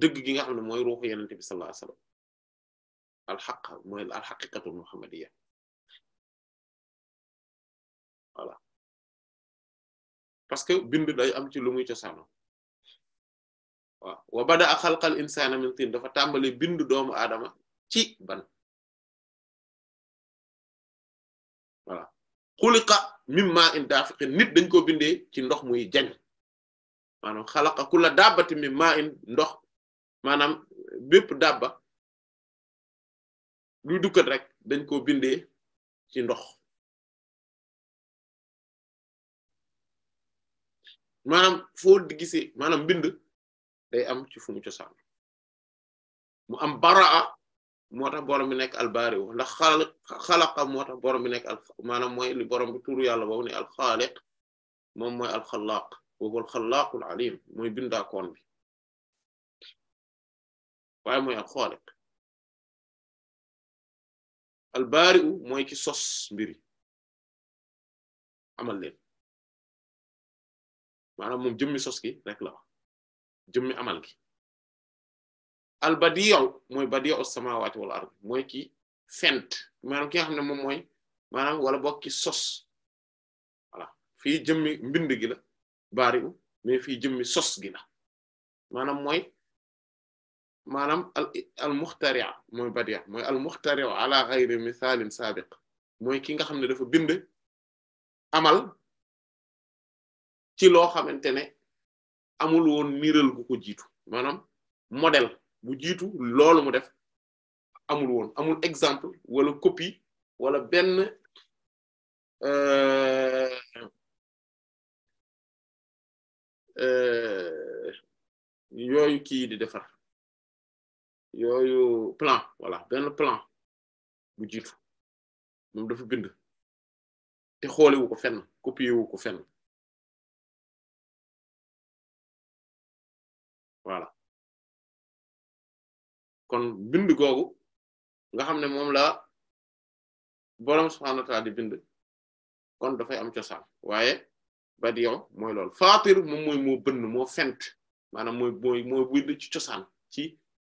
deug gi nga xamne moy ruuhu ruuxu yenente sallallahu alayhi wasallam moy al haqiqatu muhammadiyya wala parce que bind day am ci lu muy cosaano wa wa bada'a xalqal insana min tin dafa tambale bind doomu adama ci ban wala khuliqa mimma in dafiqin nit dañ koo bindee ci ndox muy jañ maanaam xalaqa kulla dabbati mimma in ndox maanaam bépp dabba luy dukkat rek dañ koo bindee ci ndox maanaam foo di gisee maanaam mbind day am ci fu mu cosaan mu am baraa moo tax borom bi nekk albaariw ndax xal xalaqa moo tax borom bi nekk al maanaam mooy li borom bi turu yàlla boobu ne alxaaliq moom mooy alxalaaq boobu alxalaaqul alim mooy bindaakoon bi waaye mooy alxaaliq albaariw mooy ki sos mbiri amal leen maanaam moom jëmmi sos gi rek la wax jëmmi amal gi al badi'u mooy badi'u samawati wal ard mooy ki sent maanaam ki nga xam ne moom mooy maanaam wala bokk ki sos voilà fii jëmmi mbind gi la bari'u mais fii jëmmi sos gi la maanaam mooy al al muxtari'a mooy badi'a mooy al muxtari'u ala ghayri misalin sabiq mooy ki nga xam ne dafa bind amal ci loo xamante ne amul woon niiral gu ko jiitu bu jiitu loolu mu def amul woon amul exemple wala copie wala benn euh, euh, yooyu kii di defar yooyu plan voilà benn plan bu jiitu moom dafa bind te xoolewu ko fenn copié wu ko fenn kon bind googu nga xam ne moom la borom subhaanahu wa ta'aala bind kon dafay am cosaan waaye badiyo mooy loolu faatir moom mooy moo bënn moo fent maanaam mooy mooy bind ci cosaan ci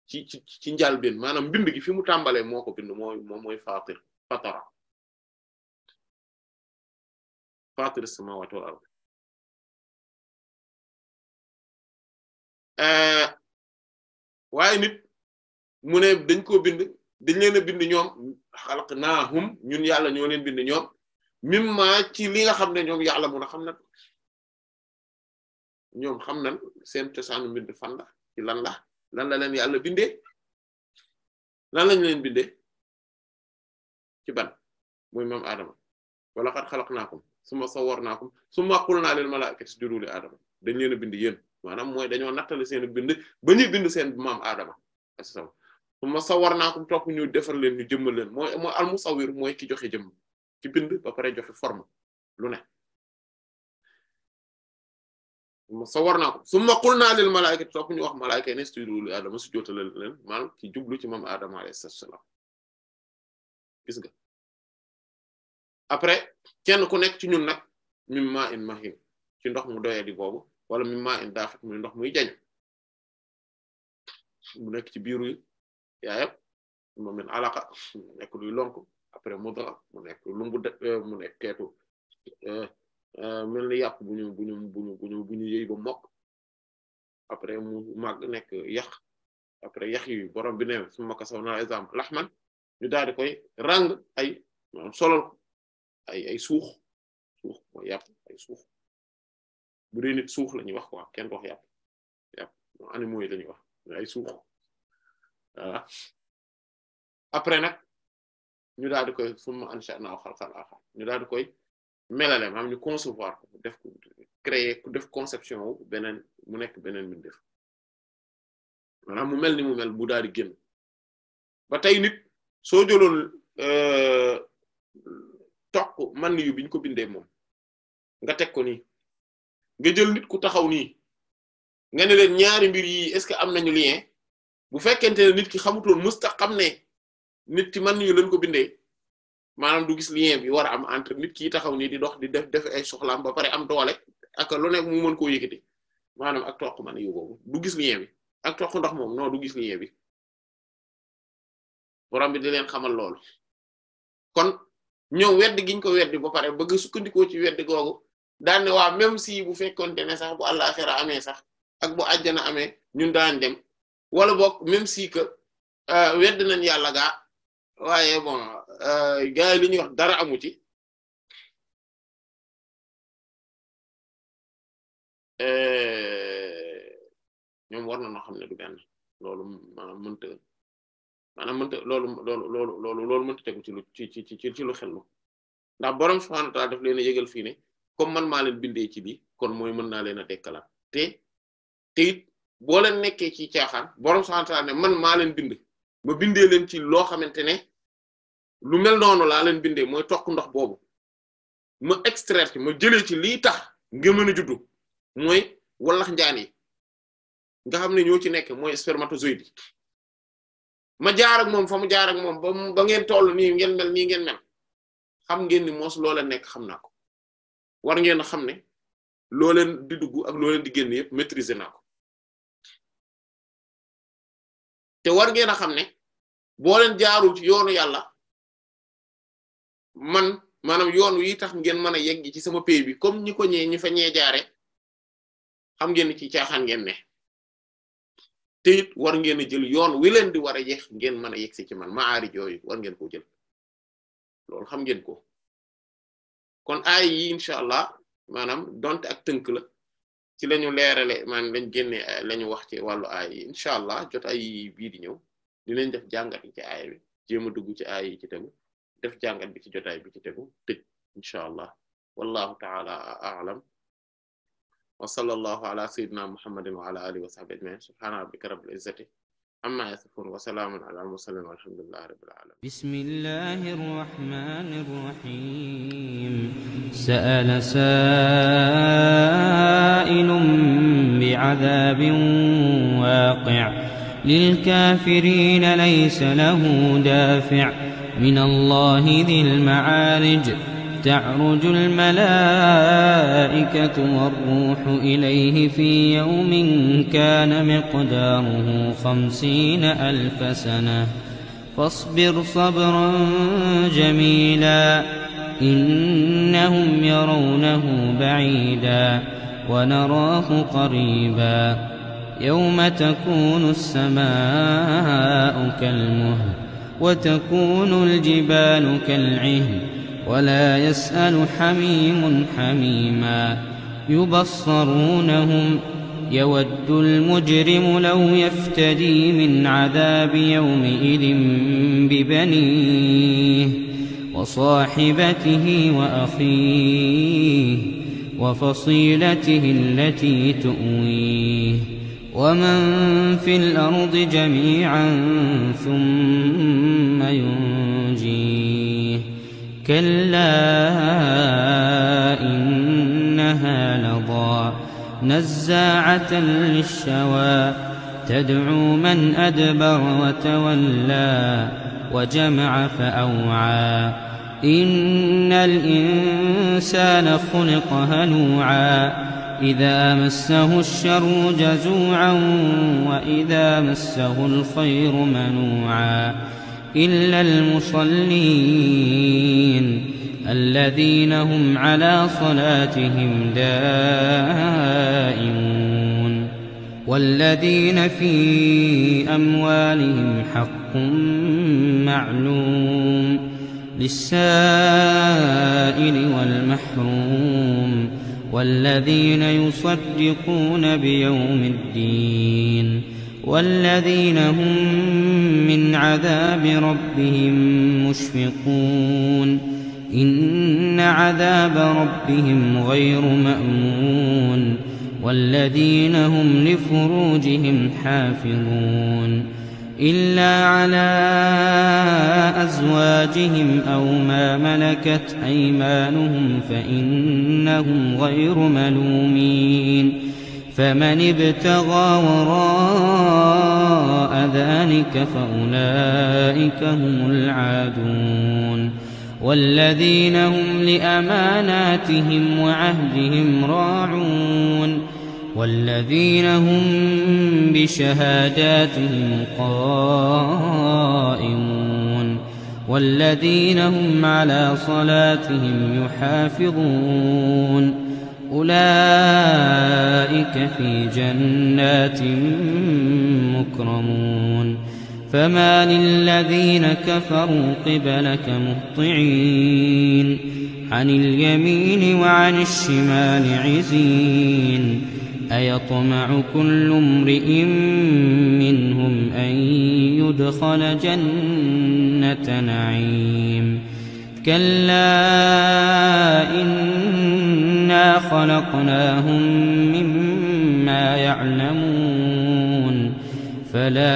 ci ci ci njàlbéen maanaam bind gi fimu mu tàmbalee moo ko bind mooy moom mooy faatir fatara faatir as-samaawaati wal ard eh, nit mu ne dañ koo bind dañ leen a bind ñoom xalaqnaahum ñun yàlla ñoo leen bind ñoom mimma ci li nga xam ne ñoom yàlla mun a xam na ñoom xam nan seen cosaanu mbind fan la ci lan la lan la leen yàlla bindee lan lañ leen bindee ci ban mooy maam Adama suma laqad xalaqnaakum summa sawwarnaakum summa qulnaa lil malaa'ikati isjudu li Adama dañ leen a bind yéen maanaam mooy dañoo nattale seen bind ba ñuy bind seen maam Adama sawarna sawwarnaakum topp ñu defal leen ñu jëmmal leen moy moy al musawir moy ki joxe jëm ci bind ba pare joxe forme lu ne summa sawwarnaakum summa qulna lil malaa'ikati topp ñu wax malaa'ika ne isjudu li su jotal leen maanaam ki jublu ci mam adam alayhi salaam gis nga après kenn ku nek ci ñun nak mimma in mahin ci ndox mu doye di bobu wala mimma in daafik muy ndox muy jagn mu nek ci biiru yaayam mo min alaqa mu nekk luy lonk après mudra mu nekk lumbu mu nekk keetu mel ni yàpp bu ñu bu ñu bu ñu bu ñu bu ñu yëy ba mokk après mu mag nekk yàq après yàq yi borom bi neew suma ma ko saw exemple lahman ñu daal di koy rang ay maanaam solol ay ay suux suux mooy yàpp ay suux bu dee nit suux la ñuy wax quoi kenn wax yàpp yàpp animaux yi la ñuy wax ay suux voilà après nag ñu daal di koy summa ansha'naahu xalqan aaxar ñu daal di koy melale maam ñu concevoir ku def ko créer def conception wu beneen mu nekk beneen mbindeef maanaam mu mel ni mu mel bu daal di génn ba tey nit soo jëloon euh, toq man yu biñ ko bindee moom nga teg ko nii nga jël nit ku taxaw nii nga ne leen ñaari mbir yi est-ce que am nañu lien bu fekkente ne nit ki xamutoon mësta xam ne nit ki mën nañu leen ko bindee maanaam du gis lien bi war a am entre nit ki taxaw nii di dox di def def ay soxlaam ba pare am doole ak lu nekk mu mën koo yëkkati maanaam ak toq man yu boobu du gis lien bi ak toq ndox moom non du gis lien bi borom bi di leen xamal loolu kon ñoom wedd giñ ko weddi ba pare ba bëgg sukkandikoo ci weddi googu daan ne waa même si bu fekkonte ne sax bu àllaxira amee sax ak bu àjjana amee ñun daan dem wala boog même si que euh, wedd nañ yàlla gaa waaye bon euh, gars yi ñuy wax dara amu ci euh, ñoom war nañoo xam ne du benn loolu maanaam mënta maanaam mënta loolu loolu loolu loolu loolu mënta tegu ci lu ci ci ci ci lu ndax borom subhanahu wa ta'ala daf leen a yëgal fii ne comme man maa leen bindee ci bi kon mooy mën naa leen a dekkalaat te te it boo leen nekkee ci caaxaan borom subhaanahu wa man maa leen bind ma bindee leen ci loo xamante ne lu mel noonu laa leen bindee mooy toq ndox boobu ma extraire ci ma jëlee ci lii tax nga mën a juddu mooy wallax njaan yi nga xam ne ñoo ci nekk mooy spermatozoïde yi ma jaar moom fa mu jaar moom ba ngeen toll nii ngeen mel ngeen mel xam ngeen ni moos loo leen nekk xam naa ko war ngeen a xam ne loo leen di dugg ak loo leen di génn yëpp maîtriser naa ko te war ngeen a xam ne boo leen jaarul yoonu yàlla man maanaam yoon wi tax ngeen mën a yegg ci sama pays bi comme ñi ko ñee ñi fa ñee jaare xam ngeen ci caaxaan ngeen ne te it war ngeen a jël yoon wi leen di war a yeex ngeen mën a yegg si ci man maarij yooyu war ngeen koo jël loolu xam ngeen ko kon aay yi incha allah maanaam donte a tënk la ci lañu leerale maan lañ génne eh, lañu wax ci wàllu aaya yi incha allah jot ay bii di ñëw di leen def jàngat ci aaya bi jéem a dugg ci aaya yi ci tegu def jàngat bi ci jotaay bi ci tegu tëj incha allah wallahu taala aalam wa sal allahu ala sayidina muhammadin wa ala alihi wa sahbi ajmain subhana rabbika rabbil izzati عما يصفون وسلام على المرسلين والحمد لله رب العالمين بسم الله الرحمن الرحيم سأل سائل بعذاب واقع للكافرين ليس له دافع من الله ذي المعارج تعرج الملائكة والروح إليه في يوم كان مقداره خمسين ألف سنة فاصبر صبرا جميلا إنهم يرونه بعيدا ونراه قريبا يوم تكون السماء كالمهل وتكون الجبال كالعهن ولا يسأل حميم حميما يبصرونهم يود المجرم لو يفتدي من عذاب يومئذ ببنيه وصاحبته وأخيه وفصيلته التي تؤويه ومن في الأرض جميعا ثم ينجيه كلا إنها لضا نزاعة للشوى تدعو من أدبر وتولى وجمع فأوعى إن الإنسان خلق هلوعا إذا مسه الشر جزوعا وإذا مسه الخير منوعا إلا المصلين الذين هم على صلاتهم دائمون والذين في أموالهم حق معلوم للسائل والمحروم والذين يصدقون بيوم الدين والذين هم من عذاب ربهم مشفقون إن عذاب ربهم غير مأمون والذين هم لفروجهم حافظون إلا على أزواجهم أو ما ملكت أيمانهم فإنهم غير ملومين فمن ابتغى وراء ذلك فأولئك هم العادون والذين هم لأماناتهم وعهدهم راعون والذين هم بشهاداتهم قائمون والذين هم على صلاتهم يحافظون أولئك في جنات مكرمون فما للذين كفروا قبلك مهطعين عن اليمين وعن الشمال عزين أيطمع كل امرئ منهم أن يدخل جنة نعيم كلا إن خَلَقْنَاهُم مِّمَّا يَعْلَمُونَ فَلَا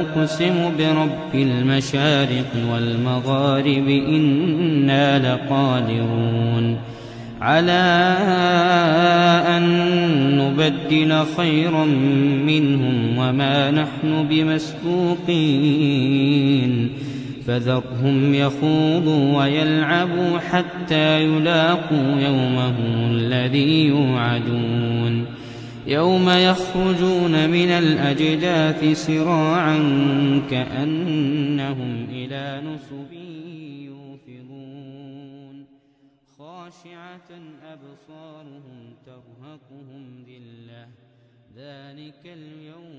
أُقْسِمُ بِرَبِّ الْمَشَارِقِ وَالْمَغَارِبِ إِنَّا لَقَادِرُونَ على أن نبدل خيرا منهم وما نحن بمسبوقين فذرهم يخوضوا ويلعبوا حتى يلاقوا يومهم الذي يوعدون يوم يخرجون من الأجداث سراعا كأنهم إلى نصب يوفضون خاشعة أبصارهم ترهقهم ذلة ذلك اليوم